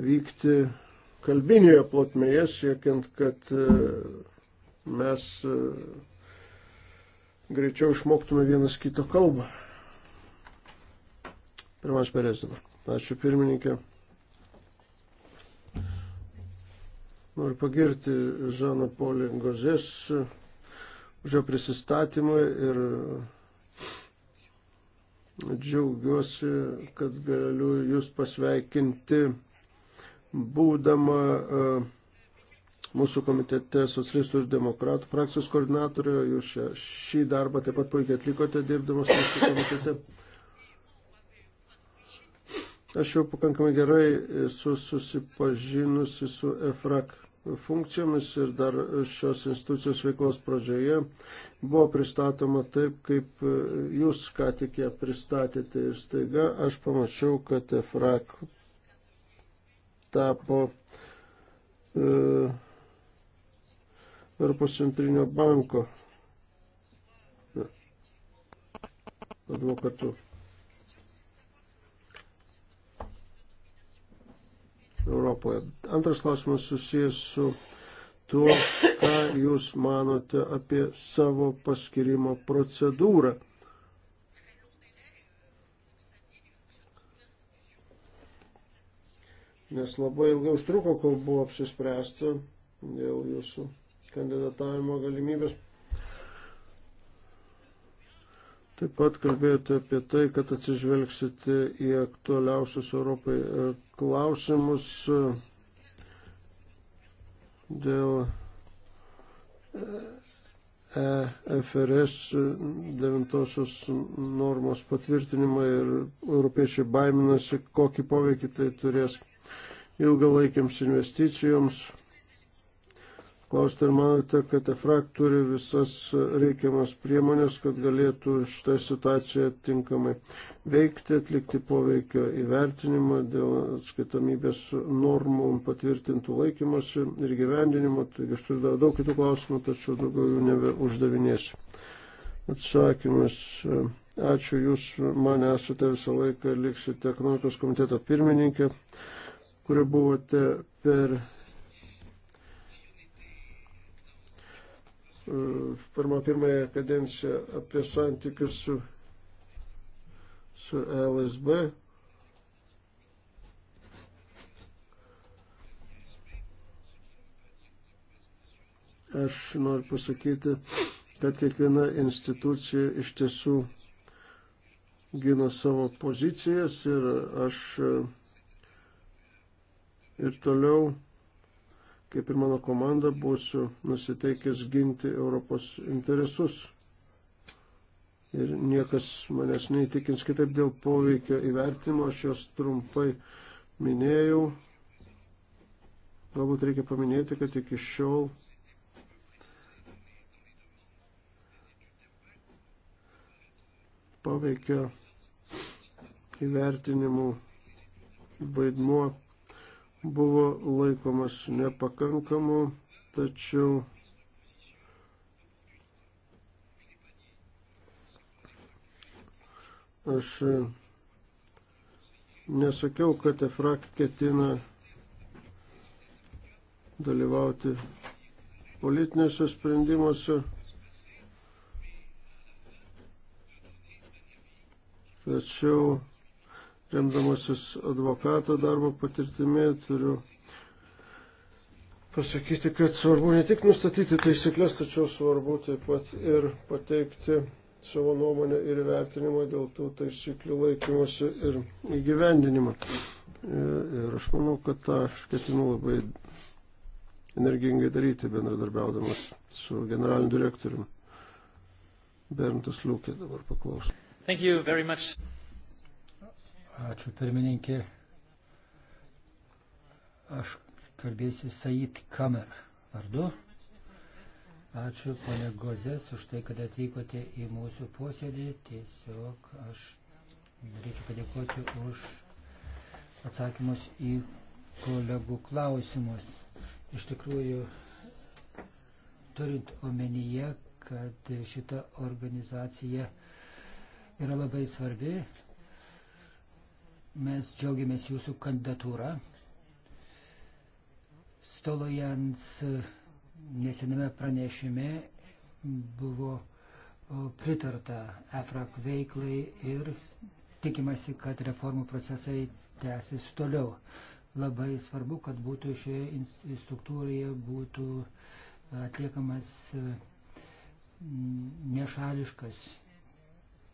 vykti kalbinėje plotmėje, siekiant, kad e, mes e, greičiau išmoktume vienas kito kalbą. Pirmas perėsina. Ačiū pirmininkė. Noriu pagirti Žaną Polį Gozės už jo prisistatymą ir džiaugiuosi, kad galiu Jūs pasveikinti būdama e, mūsų komitete socialistų ir demokratų frakcijos koordinatorio. Jūs šį darbą taip pat puikiai atlikote dirbdamas mūsų komitete. Aš jau pakankamai gerai esu susipažinusi su EFRAK funkcijomis ir dar šios institucijos veiklos pradžioje buvo pristatoma taip, kaip e, jūs ką tik ją pristatėte ir staiga aš pamačiau, kad EFRAK tapo e, Europos centrinio banko advokatu. Europoje. Antras klausimas susijęs su tuo, ką Jūs manote apie savo paskirimo procedūrą. Nes labai ilgai užtruko, kol buvo apsispręsta dėl Jūsų kandidatavimo galimybės. Taip pat kalbėjote apie tai, kad atsižvelgsite į aktualiausius Europai e, klausimus e, dėl EFRS e devintosios normos patvirtinimą ir europiečiai baiminasi, kokį poveikį tai turės ilgalaikiams investicijoms klausti, ar manote, kad EFRAK turi visas reikiamas priemonės, kad galėtų šitą situaciją tinkamai veikti, atlikti poveikio įvertinimą dėl atskaitomybės normų patvirtintų laikymosi ir gyvendinimo. Taigi aš turiu dar daug kitų klausimų, tačiau daugiau jų nebeuždavinėsiu. Atsakymas. Ačiū, jūs mane esate visą laiką ir liksite ekonomikos komiteto pirmininkė, kuri buvote per per mano pirmąją kadenciją apie santykius su, su LSB. Aš noriu pasakyti, kad kiekviena institucija iš tiesų gina savo pozicijas ir aš e, ir toliau kaip ir mano komanda, būsiu nusiteikęs ginti Europos interesus. Ir niekas manęs neįtikins kitaip dėl poveikio įvertimo, aš jos trumpai minėjau. Galbūt reikia paminėti, kad iki šiol poveikio įvertinimų vaidmuo buvo laikomas nepakankamu, tačiau aš nesakiau, kad EFRAK ketina dalyvauti politinėse sprendimuose. Tačiau remdamasis advokato darbo patirtimi, turiu pasakyti, kad svarbu ne tik nustatyti taisyklės, tačiau svarbu taip pat ir pateikti savo nuomonę ir vertinimą dėl tų taisyklių laikymosi ir įgyvendinimą. Ir aš manau, kad tą aš ketinu labai energingai daryti, bendradarbiaudamas su generaliniu direktoriumi. Berntas Liukė dabar paklaus. Thank you very much. Ačiū pirmininkė. Aš kalbėsiu Said Kamer vardu. Ačiū ponė Gozės už tai, kad atvykote į mūsų posėdį. Tiesiog aš norėčiau padėkoti už atsakymus į kolegų klausimus. Iš tikrųjų, turint omenyje, kad šita organizacija yra labai svarbi, Mes džiaugiamės jūsų kandidatūrą. Stolojans nesename pranešime buvo pritarta EFRAK veiklai ir tikimasi, kad reformų procesai tęsis toliau. Labai svarbu, kad būtų šioje struktūroje būtų atliekamas nešališkas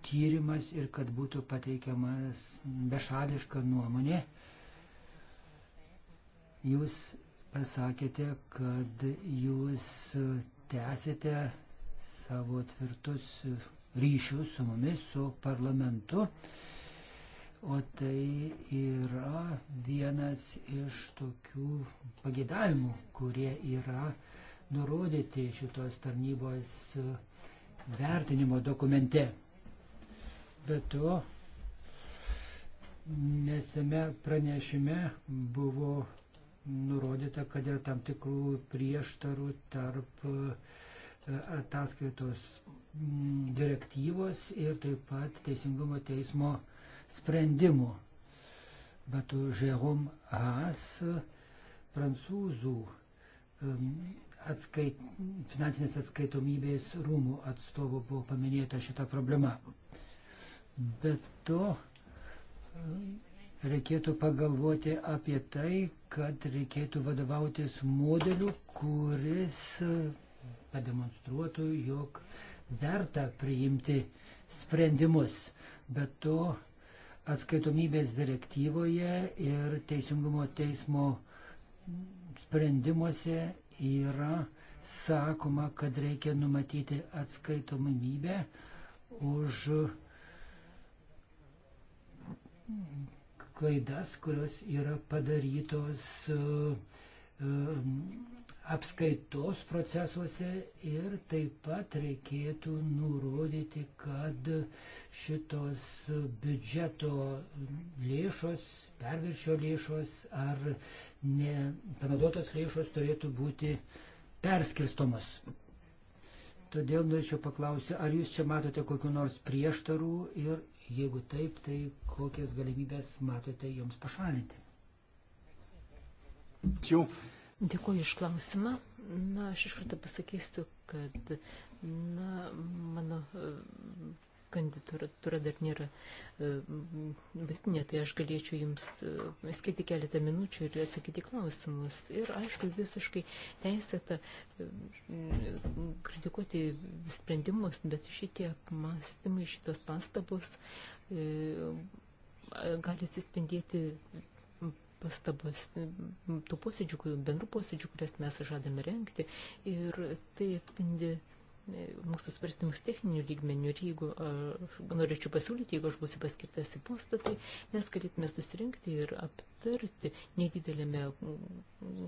tyrimas ir kad būtų pateikiamas bešališka nuomonė. Jūs pasakėte, kad jūs tęsite savo tvirtus ryšius su mumis, su parlamentu. O tai yra vienas iš tokių pagėdavimų, kurie yra nurodyti šitos tarnybos vertinimo dokumente. Bet to nesame pranešime buvo nurodyta, kad yra tam tikrų prieštarų tarp e, ataskaitos direktyvos ir taip pat Teisingumo teismo sprendimų. Bet Jérôme Haas, prancūzų atskait, finansinės atskaitomybės rūmų atstovo buvo paminėta šita problema. Bet to e, reikėtų pagalvoti apie tai, kad reikėtų vadovautis modeliu, kuris e, pademonstruotų, jog verta priimti sprendimus. Bet to atskaitomybės direktyvoje ir teisingumo teismo sprendimuose yra sakoma, kad reikia numatyti atskaitomybę už uh, klaidas, kurios yra padarytos e, e, apskaitos procesuose ir taip pat reikėtų nurodyti, kad šitos biudžeto lėšos, perviršio lėšos ar nepanaudotos lėšos turėtų būti perskirstomos. Todėl norėčiau paklausti, ar jūs čia matote kokiu nors prieštarų ir Jeigu taip, tai kokias galimybės matote joms pašalinti? Dėkuoju iš klausimą. Na, aš iš karto pasakysiu, kad na, mano kandidatūra dar nėra baigtinė, e, tai aš galėčiau jums e, skirti keletą minučių ir atsakyti klausimus. Ir aišku, visiškai teisėta e, kritikuoti sprendimus, bet šitie apmastymai, šitos pastabos gali atsispindėti pastabas tų posėdžių, bendrų posėdžių, kurias mes žadame renkti. Ir tai atspindi E, mūsų svarstymus techninių lygmenių ir jeigu e, aš norėčiau pasiūlyti, jeigu aš būsiu paskirtas į postą, tai mes galėtume susirinkti ir aptarti nedidelėme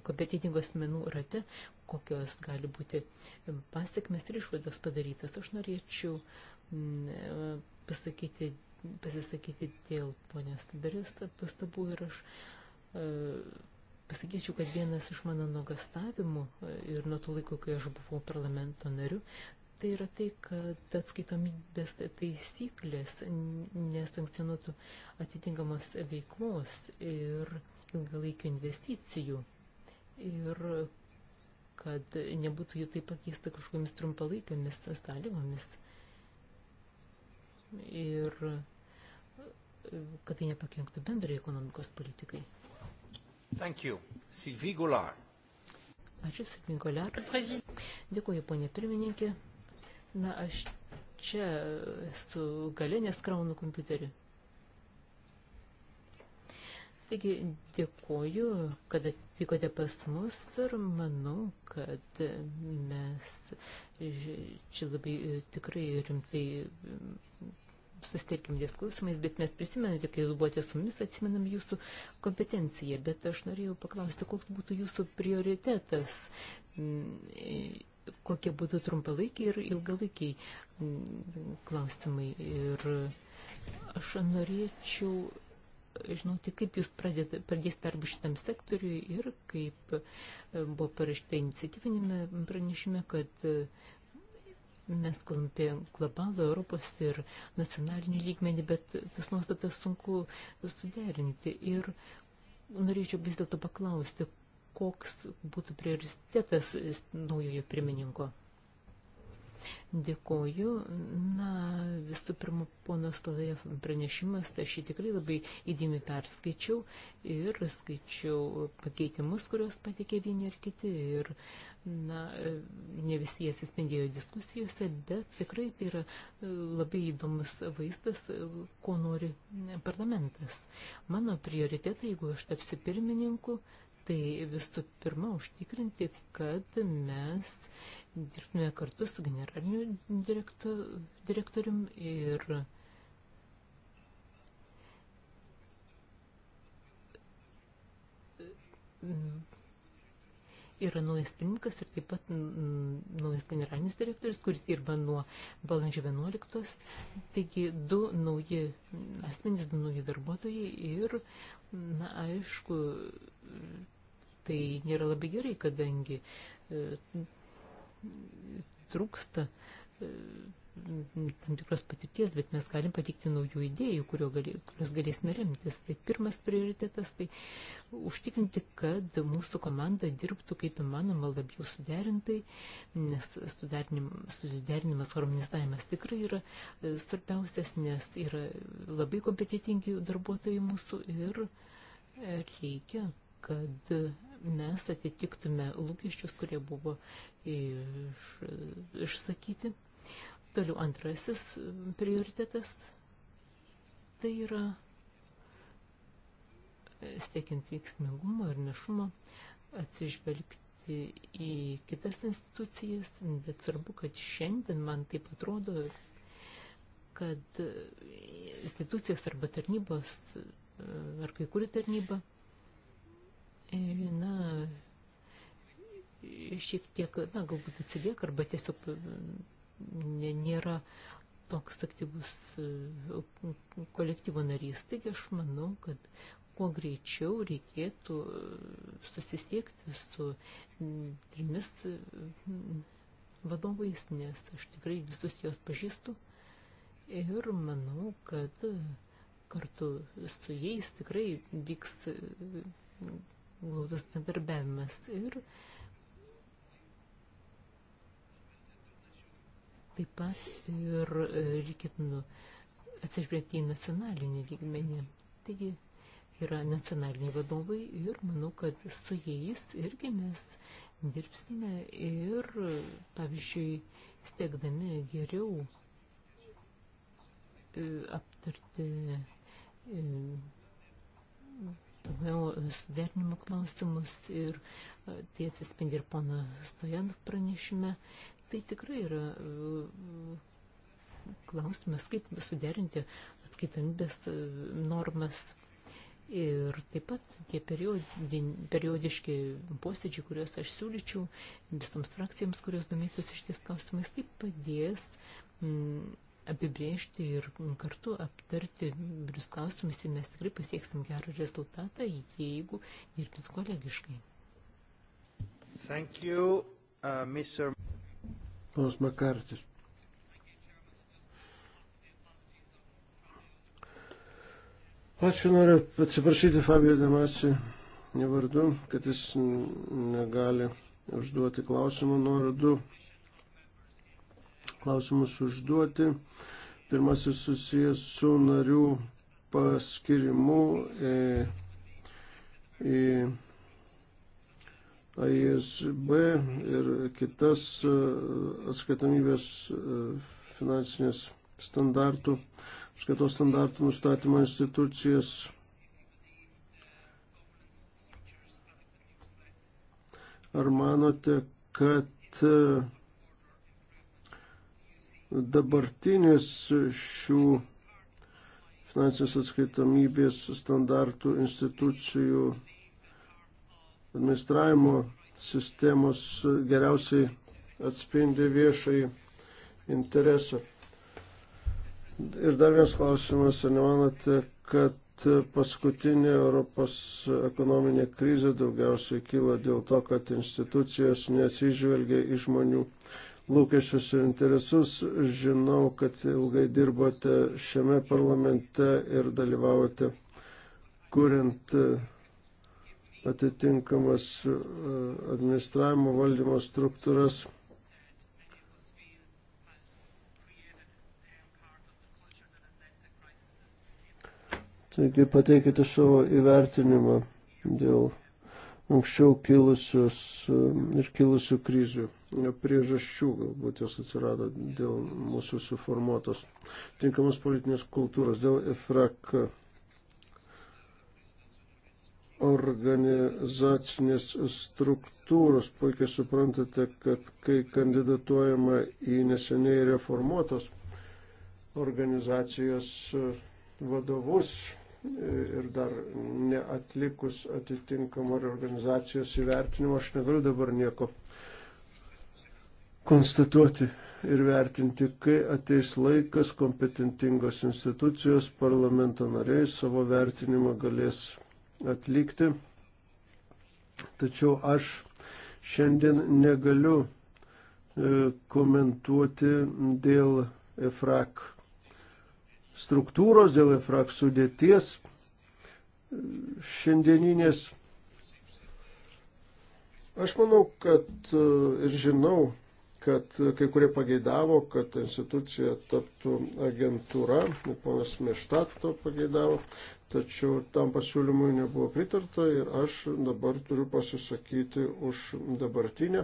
kompetitingos menų rate, kokios gali būti pasiekmes ir išvados padarytas. Aš norėčiau e, pasakyti, pasisakyti dėl ponios Daris pastabų ir aš pasakyčiau, kad vienas iš mano nuogastavimų e, ir nuo to laiko, kai aš buvau parlamento nariu, tai yra tai, kad atskaitomybės taisyklės nesankcionuotų atitinkamos veiklos ir ilgalaikių investicijų. Ir kad nebūtų jų taip pakeista kažkokiamis trumpalaikiomis sąlygomis. Ir e, kad tai nepakenktų bendrai ekonomikos politikai. Thank you. Sylvie Goulart. Ačiū, Sylvie Goulart. Dėkuoju, ponė pirmininkė. Na, aš čia esu gale, nes kraunu kompiuterį. Taigi, dėkuoju, kad atvykote pas mus ir manau, kad mes čia labai tikrai rimtai susitelkim ties klausimais, bet mes prisimenate, kai jūs buvote su mumis, atsimenam jūsų kompetenciją, bet aš norėjau paklausti, koks būtų jūsų prioritetas, mm, kokie būtų trumpalaikiai ir ilgalaikiai mm, klausimai. Ir aš norėčiau žinoti, kaip jūs pradės darbą šitam sektoriui ir kaip e, buvo parašta iniciatyvinėme pranešime, kad mes kalbam apie globalų Europos ir nacionalinį lygmenį, bet tas nuostatas sunku suderinti. Ir norėčiau vis dėlto paklausti, koks būtų prioritetas naujojo pirmininko. Dėkoju. Na, visų pirma, ponas Todėje pranešimas, tai aš jį tikrai labai įdėmi perskaičiau ir skaičiau pakeitimus, kuriuos patikė vieni ir kiti. Ir, na, ne visi jie atsispindėjo diskusijose, bet tikrai tai yra e, labai įdomus vaizdas, e, ko nori parlamentas. Mano prioritetai, jeigu aš tapsiu pirmininku, Tai visų pirma, užtikrinti, kad mes dirbtume kartu su generaliniu direktu, direktorium ir yra naujas pirmininkas ir taip pat mm, naujas generalinis direktorius, kuris dirba nuo balandžio 11. Taigi du nauji asmenys, du nauji darbuotojai ir, na, aišku, tai nėra labai gerai, kadangi e, trūksta e, tam tikros patirties, bet mes galim patikti naujų idėjų, galė, kurios galėsime remtis. Tai pirmas prioritetas tai užtikrinti, kad mūsų komanda dirbtų kaip įmanoma labiau suderintai, nes suderinimas, harmonizavimas tikrai yra e, svarbiausias, nes yra labai kompetitingi darbuotojai mūsų ir e, reikia, kad mes atitiktume lūkesčius, kurie buvo iš, išsakyti. Toliau antrasis prioritetas tai yra siekiant veiksmingumo ir našumo atsižvelgti į kitas institucijas, bet svarbu, kad šiandien man taip atrodo, kad institucijos arba tarnybos ar kai kuri tarnyba na, šiek tiek, na, galbūt atsilieka arba tiesiog nėra toks aktyvus e, kolektyvo narys. Taigi aš manau, kad kuo greičiau reikėtų e, susisiekti su trimis e, vadovais, nes aš tikrai visus juos pažįstu ir manau, kad kartu su jais tikrai vyks glaudus bendarbiavimas. Ir taip pat ir e, reikėtų nu, atsižvelgti į nacionalinį lygmenį. Taigi yra nacionaliniai vadovai ir manau, kad su jais irgi mes dirbsime ir, pavyzdžiui, stiekdami geriau e, aptarti e, suderinimo e, klausimus ir e, tai atsispindi ir pono Stojan pranešime. Tai tikrai yra e, klausimas, kaip suderinti atskaitomybės normas. Ir taip pat tie periodi, periodiški posėdžiai, kuriuos aš siūlyčiau visoms frakcijoms, kurios domėtųsi šitais klausimais, taip padės m, apibriežti ir kartu aptarti bris klausimus ir mes tikrai pasieksim gerą rezultatą, jeigu dirbsim kolegiškai. Thank you, uh, Mr. Ponas Makartis. Ačiū noriu atsiprašyti Fabio Damasi nevardu, kad jis negali užduoti klausimą. Noriu du klausimus užduoti. Pirmasis susijęs su narių paskirimu e, į, į AISB ir kitas e, atskaitomybės e, finansinės standartų, skaitos standartų nustatymo institucijas Ar manote, kad dabartinis šių finansinės atskaitomybės standartų institucijų administravimo sistemos geriausiai atspindi viešai interesą. Ir dar vienas klausimas, ar nemanote, kad paskutinė Europos ekonominė krizė daugiausiai kyla dėl to, kad institucijos nesižvelgia į žmonių lūkesčius ir interesus. Žinau, kad ilgai dirbote šiame parlamente ir dalyvavote kuriant e, atitinkamas e, administravimo valdymo struktūras. Taigi pateikite savo įvertinimą dėl anksčiau kilusios um, ir kilusių krizių priežasčių, galbūt jos atsirado dėl mūsų suformuotos tinkamos politinės kultūros, dėl EFRAK organizacinės struktūros. Puikiai suprantate, kad kai kandidatuojama į neseniai reformuotos organizacijos vadovus, ir dar neatlikus atitinkamo reorganizacijos įvertinimo, aš negaliu dabar nieko konstatuoti ir vertinti, kai ateis laikas, kompetentingos institucijos, parlamento nariai savo vertinimą galės atlikti. Tačiau aš šiandien negaliu e, komentuoti dėl EFRAK struktūros, dėl EFRAK sudėties šiandieninės. Aš manau, kad e, ir žinau, kad kai kurie pageidavo, kad institucija taptų agentūra, ponas Meštat to pageidavo tačiau tam pasiūlymui nebuvo pritarta ir aš dabar turiu pasisakyti už dabartinę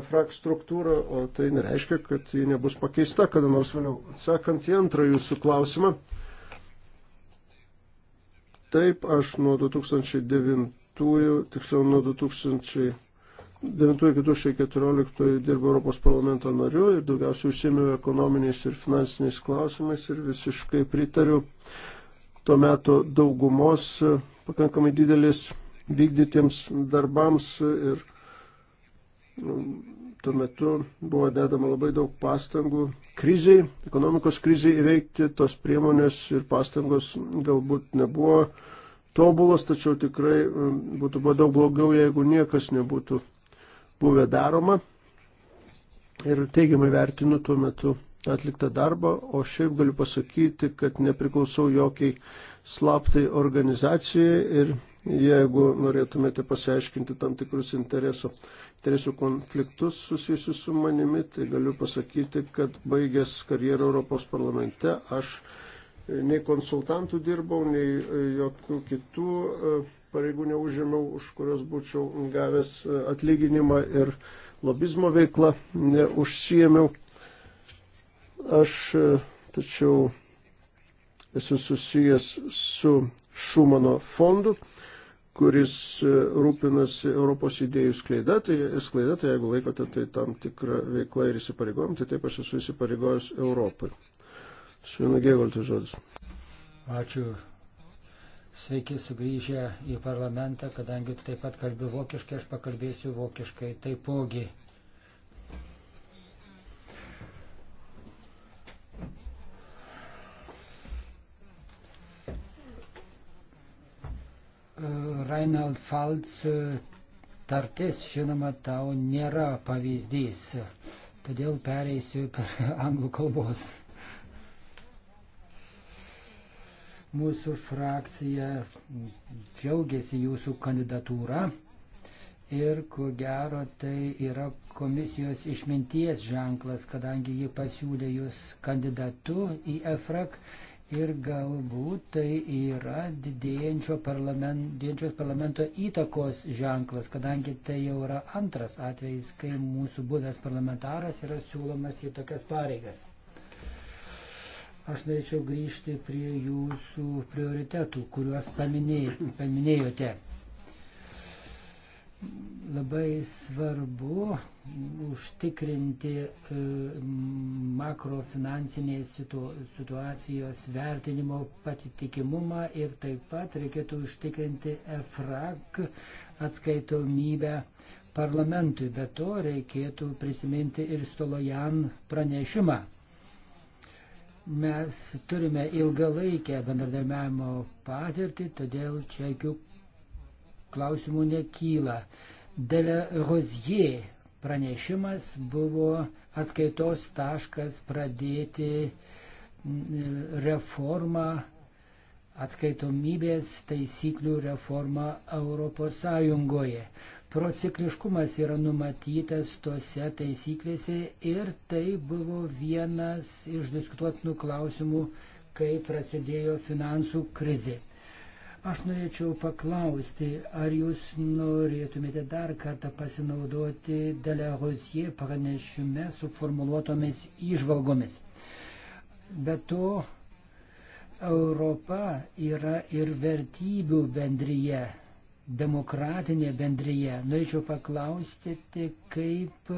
EFRAG struktūrą, o tai nereiškia, kad ji nebus pakeista kada nors vėliau. Atsakant į antrą jūsų klausimą, taip aš nuo 2009, tiksliau nuo 2000. 9-2014 dirbo Europos parlamento nariu ir daugiausiai užsiemiau ekonominiais ir finansiniais klausimais ir visiškai pritariu uh, tuo metu daugumos pakankamai didelis vykdytiems darbams ir nu, tuo metu buvo dedama labai daug pastangų kriziai, ekonomikos kriziai įveikti, tos priemonės ir pastangos galbūt nebuvo tobulos, tačiau tikrai būtų buvo daug blogiau, jeigu niekas nebūtų buvę daroma. Ir teigiamai vertinu tuo metu atliktą darbą, o šiaip galiu pasakyti, kad nepriklausau jokiai slaptai organizacijai ir jeigu norėtumėte pasiaiškinti tam tikrus interesų, interesų konfliktus susijusius su manimi, tai galiu pasakyti, kad baigęs karjerą Europos parlamente aš e, nei konsultantų dirbau, nei e, jokių kitų e, pareigų neužėmiau, už kurios būčiau gavęs atlyginimą ir lobizmo veiklą neužsijėmiau. Aš e, tačiau esu susijęs su Šumano fondu, kuris e, rūpinasi Europos idėjų sklaida, tai, sklaida, tai jeigu laikote tai tam tikrą veiklą ir įsipareigojom, tai taip aš esu įsipareigojęs Europai. Svina Gėgoltas žodis. Ačiū. Sveiki sugrįžę į parlamentą, kadangi taip pat kalbiu vokiškai, aš pakalbėsiu vokiškai taipogi. Reinald Falc e, tartis, žinoma, tau nėra pavyzdys. Todėl pereisiu per anglų kalbos. Mūsų frakcija džiaugiasi jūsų kandidatūra ir ko gero tai yra komisijos išminties ženklas, kadangi ji pasiūlė jūs kandidatu į EFRAK ir galbūt tai yra didėjančio parlament, didėjančios parlamento įtakos ženklas, kadangi tai jau yra antras atvejis, kai mūsų buvęs parlamentaras yra siūlomas į tokias pareigas. Aš norėčiau grįžti prie jūsų prioritetų, kuriuos paminėjote labai svarbu užtikrinti e, makrofinansinės situ, situacijos vertinimo patitikimumą ir taip pat reikėtų užtikrinti EFRAG atskaitomybę parlamentui. Be to reikėtų prisiminti ir Stolojan pranešimą. Mes turime ilgalaikę bendradarbiavimo patirtį, todėl čekių klausimų nekyla. Dele Rozie pranešimas buvo atskaitos taškas pradėti reformą, atskaitomybės taisyklių reformą Europos Sąjungoje. Procikliškumas yra numatytas tose taisyklėse ir tai buvo vienas iš diskutuotinų klausimų, kai prasidėjo finansų krizė. Aš norėčiau paklausti, ar jūs norėtumėte dar kartą pasinaudoti Delehozie pranešime suformuluotomis įžvalgomis. Be to, Europa yra ir vertybių bendryje, demokratinė bendryje. Norėčiau paklausti, kaip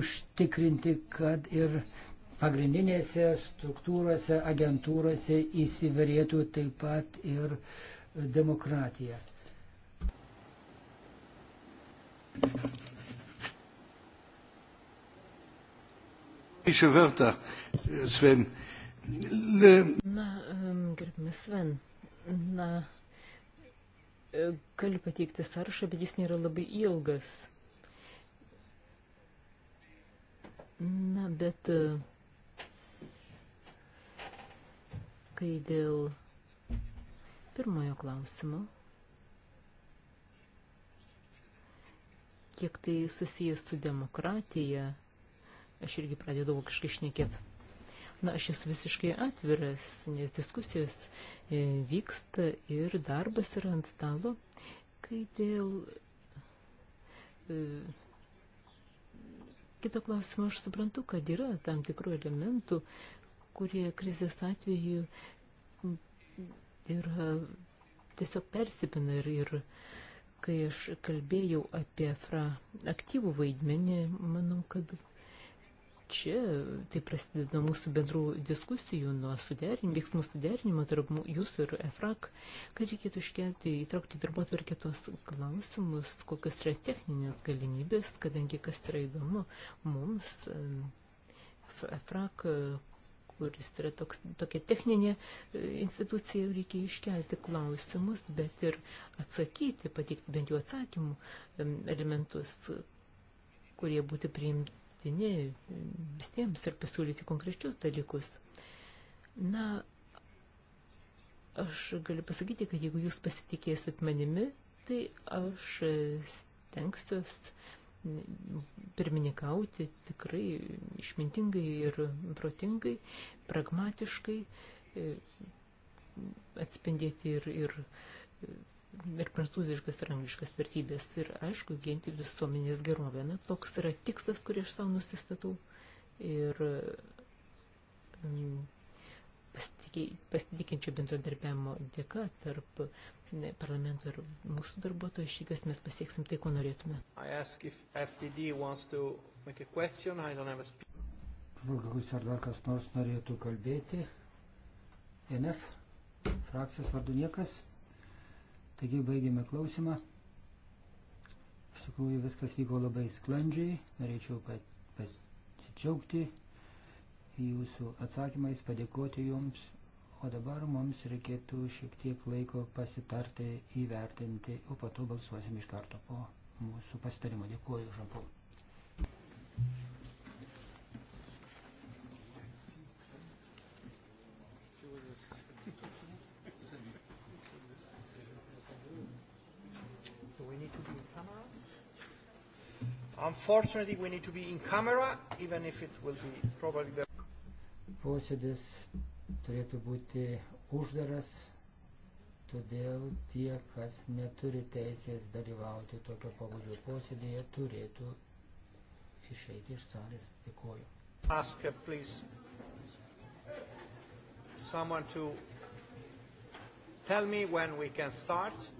užtikrinti, kad ir pagrindinėse struktūrose, agentūrose įsiverėtų taip pat ir demokratija. Na, gerbimas Sven, na, e, galiu pateikti sąrašą, bet jis nėra labai ilgas. Na, bet uh, kai dėl pirmojo klausimo, kiek tai susijęs su demokratija, aš irgi pradėdavau kažkaip šnekėti. Na, aš esu visiškai atviras, nes diskusijos e, vyksta ir darbas yra ant stalo, kai dėl e, kito klausimo aš suprantu, kad yra tam tikrų elementų, e, kurie krizės atveju ir e, tiesiog persipina ir, ir kai aš kalbėjau apie fra aktyvų vaidmenį, manau, kad čia tai prasideda mūsų bendrų diskusijų nuo suderin, veiksmų suderinimo tarp jūsų ir EFRAK, kad reikėtų iškelti įtraukti darbo atvarkę tuos klausimus, kokios yra techninės galimybės, kadangi kas yra įdomu mums, e, EFRAK kuris yra toks, tokia techninė e, institucija, reikia iškelti klausimus, bet ir atsakyti, pateikti bent jau atsakymų elementus, kurie būtų priimtini visiems ir pasiūlyti konkrečius dalykus. Na, aš galiu pasakyti, kad jeigu jūs pasitikėsit manimi, tai aš stengsiuos pirmininkauti tikrai išmintingai ir protingai, pragmatiškai, e, atspindėti ir, ir, e, ir prancūziškas ir angliškas vertybės ir, aišku, ginti visuomenės gerovę. Na, toks yra tikslas, kurį aš savo nusistatau ir e, pasitikinčio bendradarbiavimo dėka tarp ne, parlamento ir mūsų darbuotojų šygas mes pasieksim tai, ko norėtume. Žvalgus, ar dar kas nors norėtų kalbėti? NF frakcijos vardu niekas. Taigi baigėme klausimą. Iš tikrųjų viskas vyko labai sklandžiai. Norėčiau pasidžiaugti jūsų atsakymais, padėkoti jums O dabar mums reikėtų šiek tiek laiko pasitarti, įvertinti, o po to balsuosim iš karto po mūsų pasitarimo. Dėkuoju, Žampau. Unfortunately, we need to be in camera, even if it will be probably the... Posėdis turėtų būti uždaras, todėl tie, kas neturi teisės dalyvauti tokio pabudžio posėdėje, turėtų išeiti iš salės. Dėkuoju. Ask, uh, please, someone to tell me when we can start.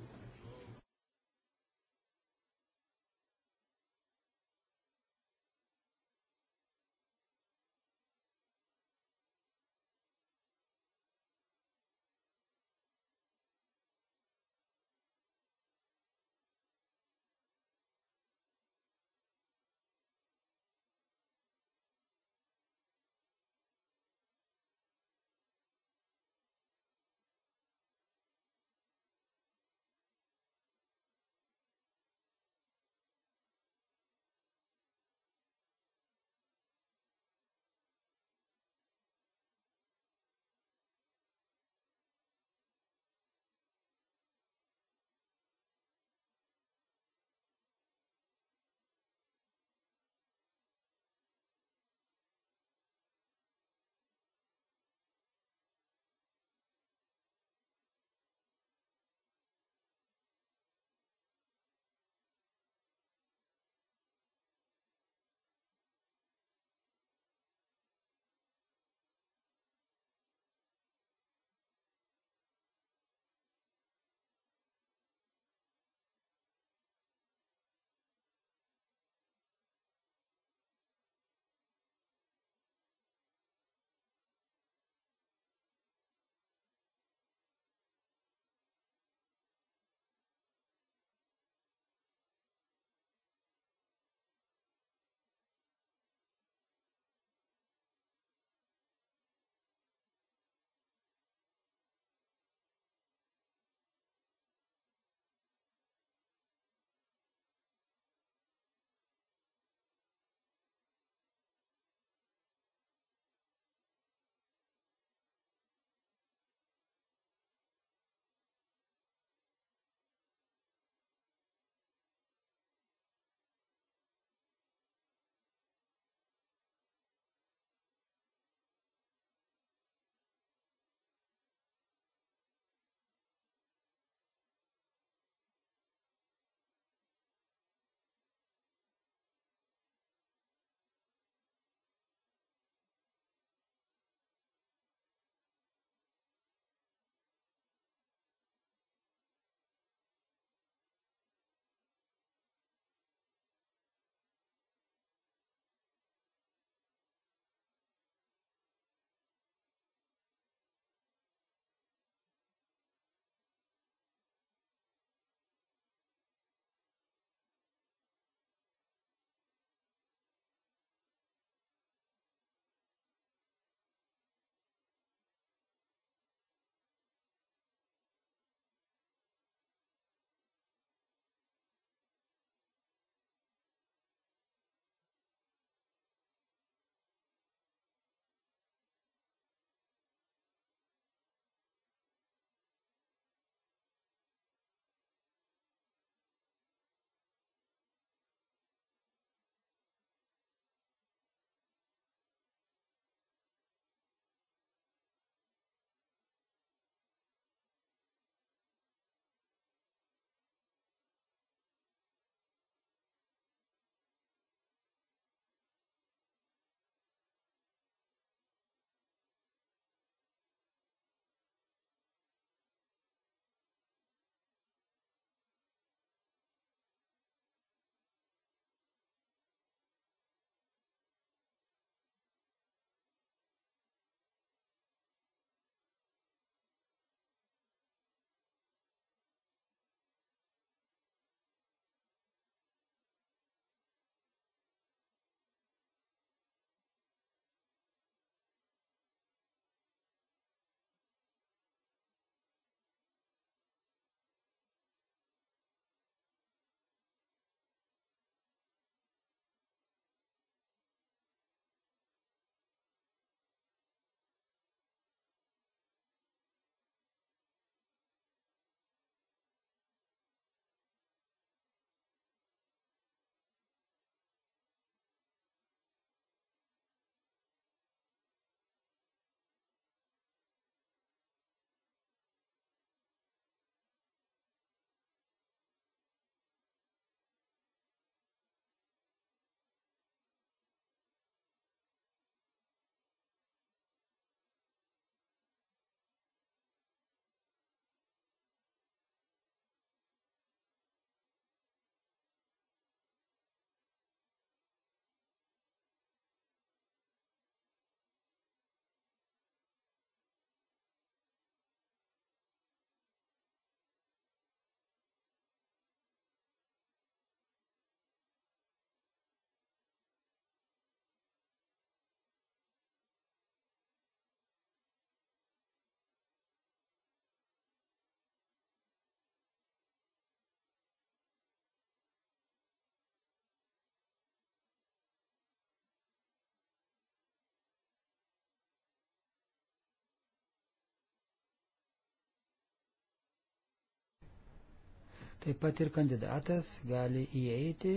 Taip pat ir kandidatas gali įeiti.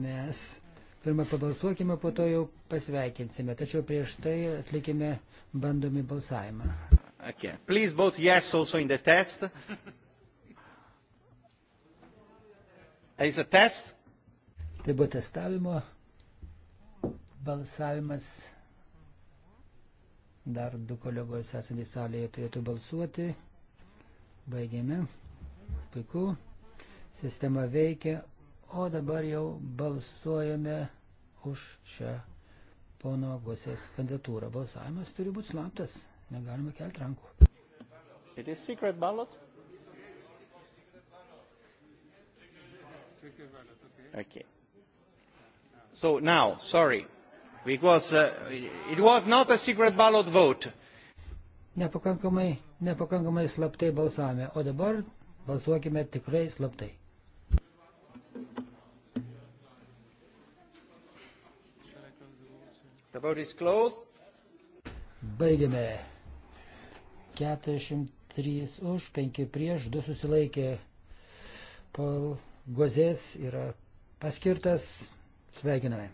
Mes pirmą pabalsuokime, po to jau pasveikinsime. Tačiau prieš tai atlikime bandomį balsavimą. Okay. Please vote yes also in the test. Is a test? Tai buvo testavimo balsavimas. Dar du kolegos esantys salėje turėtų balsuoti. Baigėme. Puiku, sistema veikia, o dabar jau balsuojame už šią pono Gosės kandidatūrą. Balsavimas turi būti slaptas, negalima kelti rankų. It is secret ballot? Okay. So now, sorry, it was, uh, it was not a secret ballot vote. Nepakankamai, nepakankamai slaptai balsavome, o dabar Balsuokime tikrai slaptai. Baigėme. 43 už, 5 prieš, 2 susilaikė. Paul Gozės yra paskirtas. Sveikiname.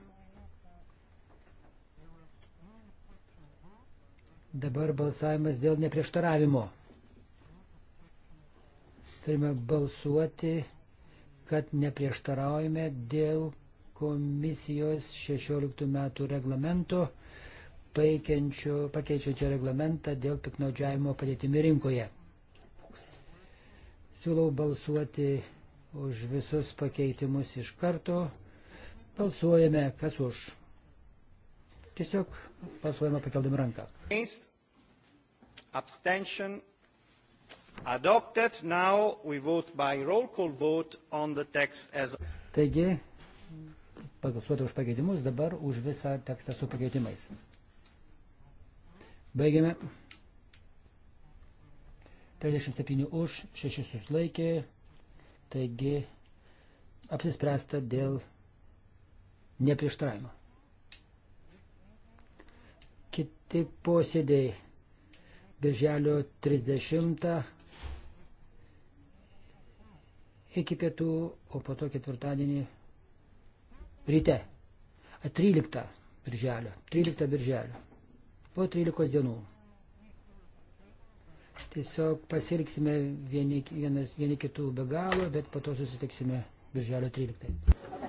Dabar balsavimas dėl neprieštaravimo. Turime balsuoti, kad neprieštaraujame dėl komisijos 16 metų reglamento, pakeičiančio reglamentą dėl piknaudžiavimo padėtimi rinkoje. Siūlau balsuoti už visus pakeitimus iš karto. Balsuojame, kas už. Tiesiog balsuojame pakeldami ranką. Against. Abstention adopted. Now we vote by roll call vote on the text as. Taigi, pagalsuota už pakeitimus, dabar už visą tekstą su pakeitimais. Baigiame. 37 už, 6 susilaikė, taigi apsispręsta dėl neprieštaravimo. Kiti posėdėjai. Birželio 30 iki pietų, o po to ketvirtadienį ryte. 13 birželio. 13 birželio. Po 13 dienų. Tiesiog pasiliksime vieni, vienas, vieni kitų be galo, bet po to susitiksime birželio 13.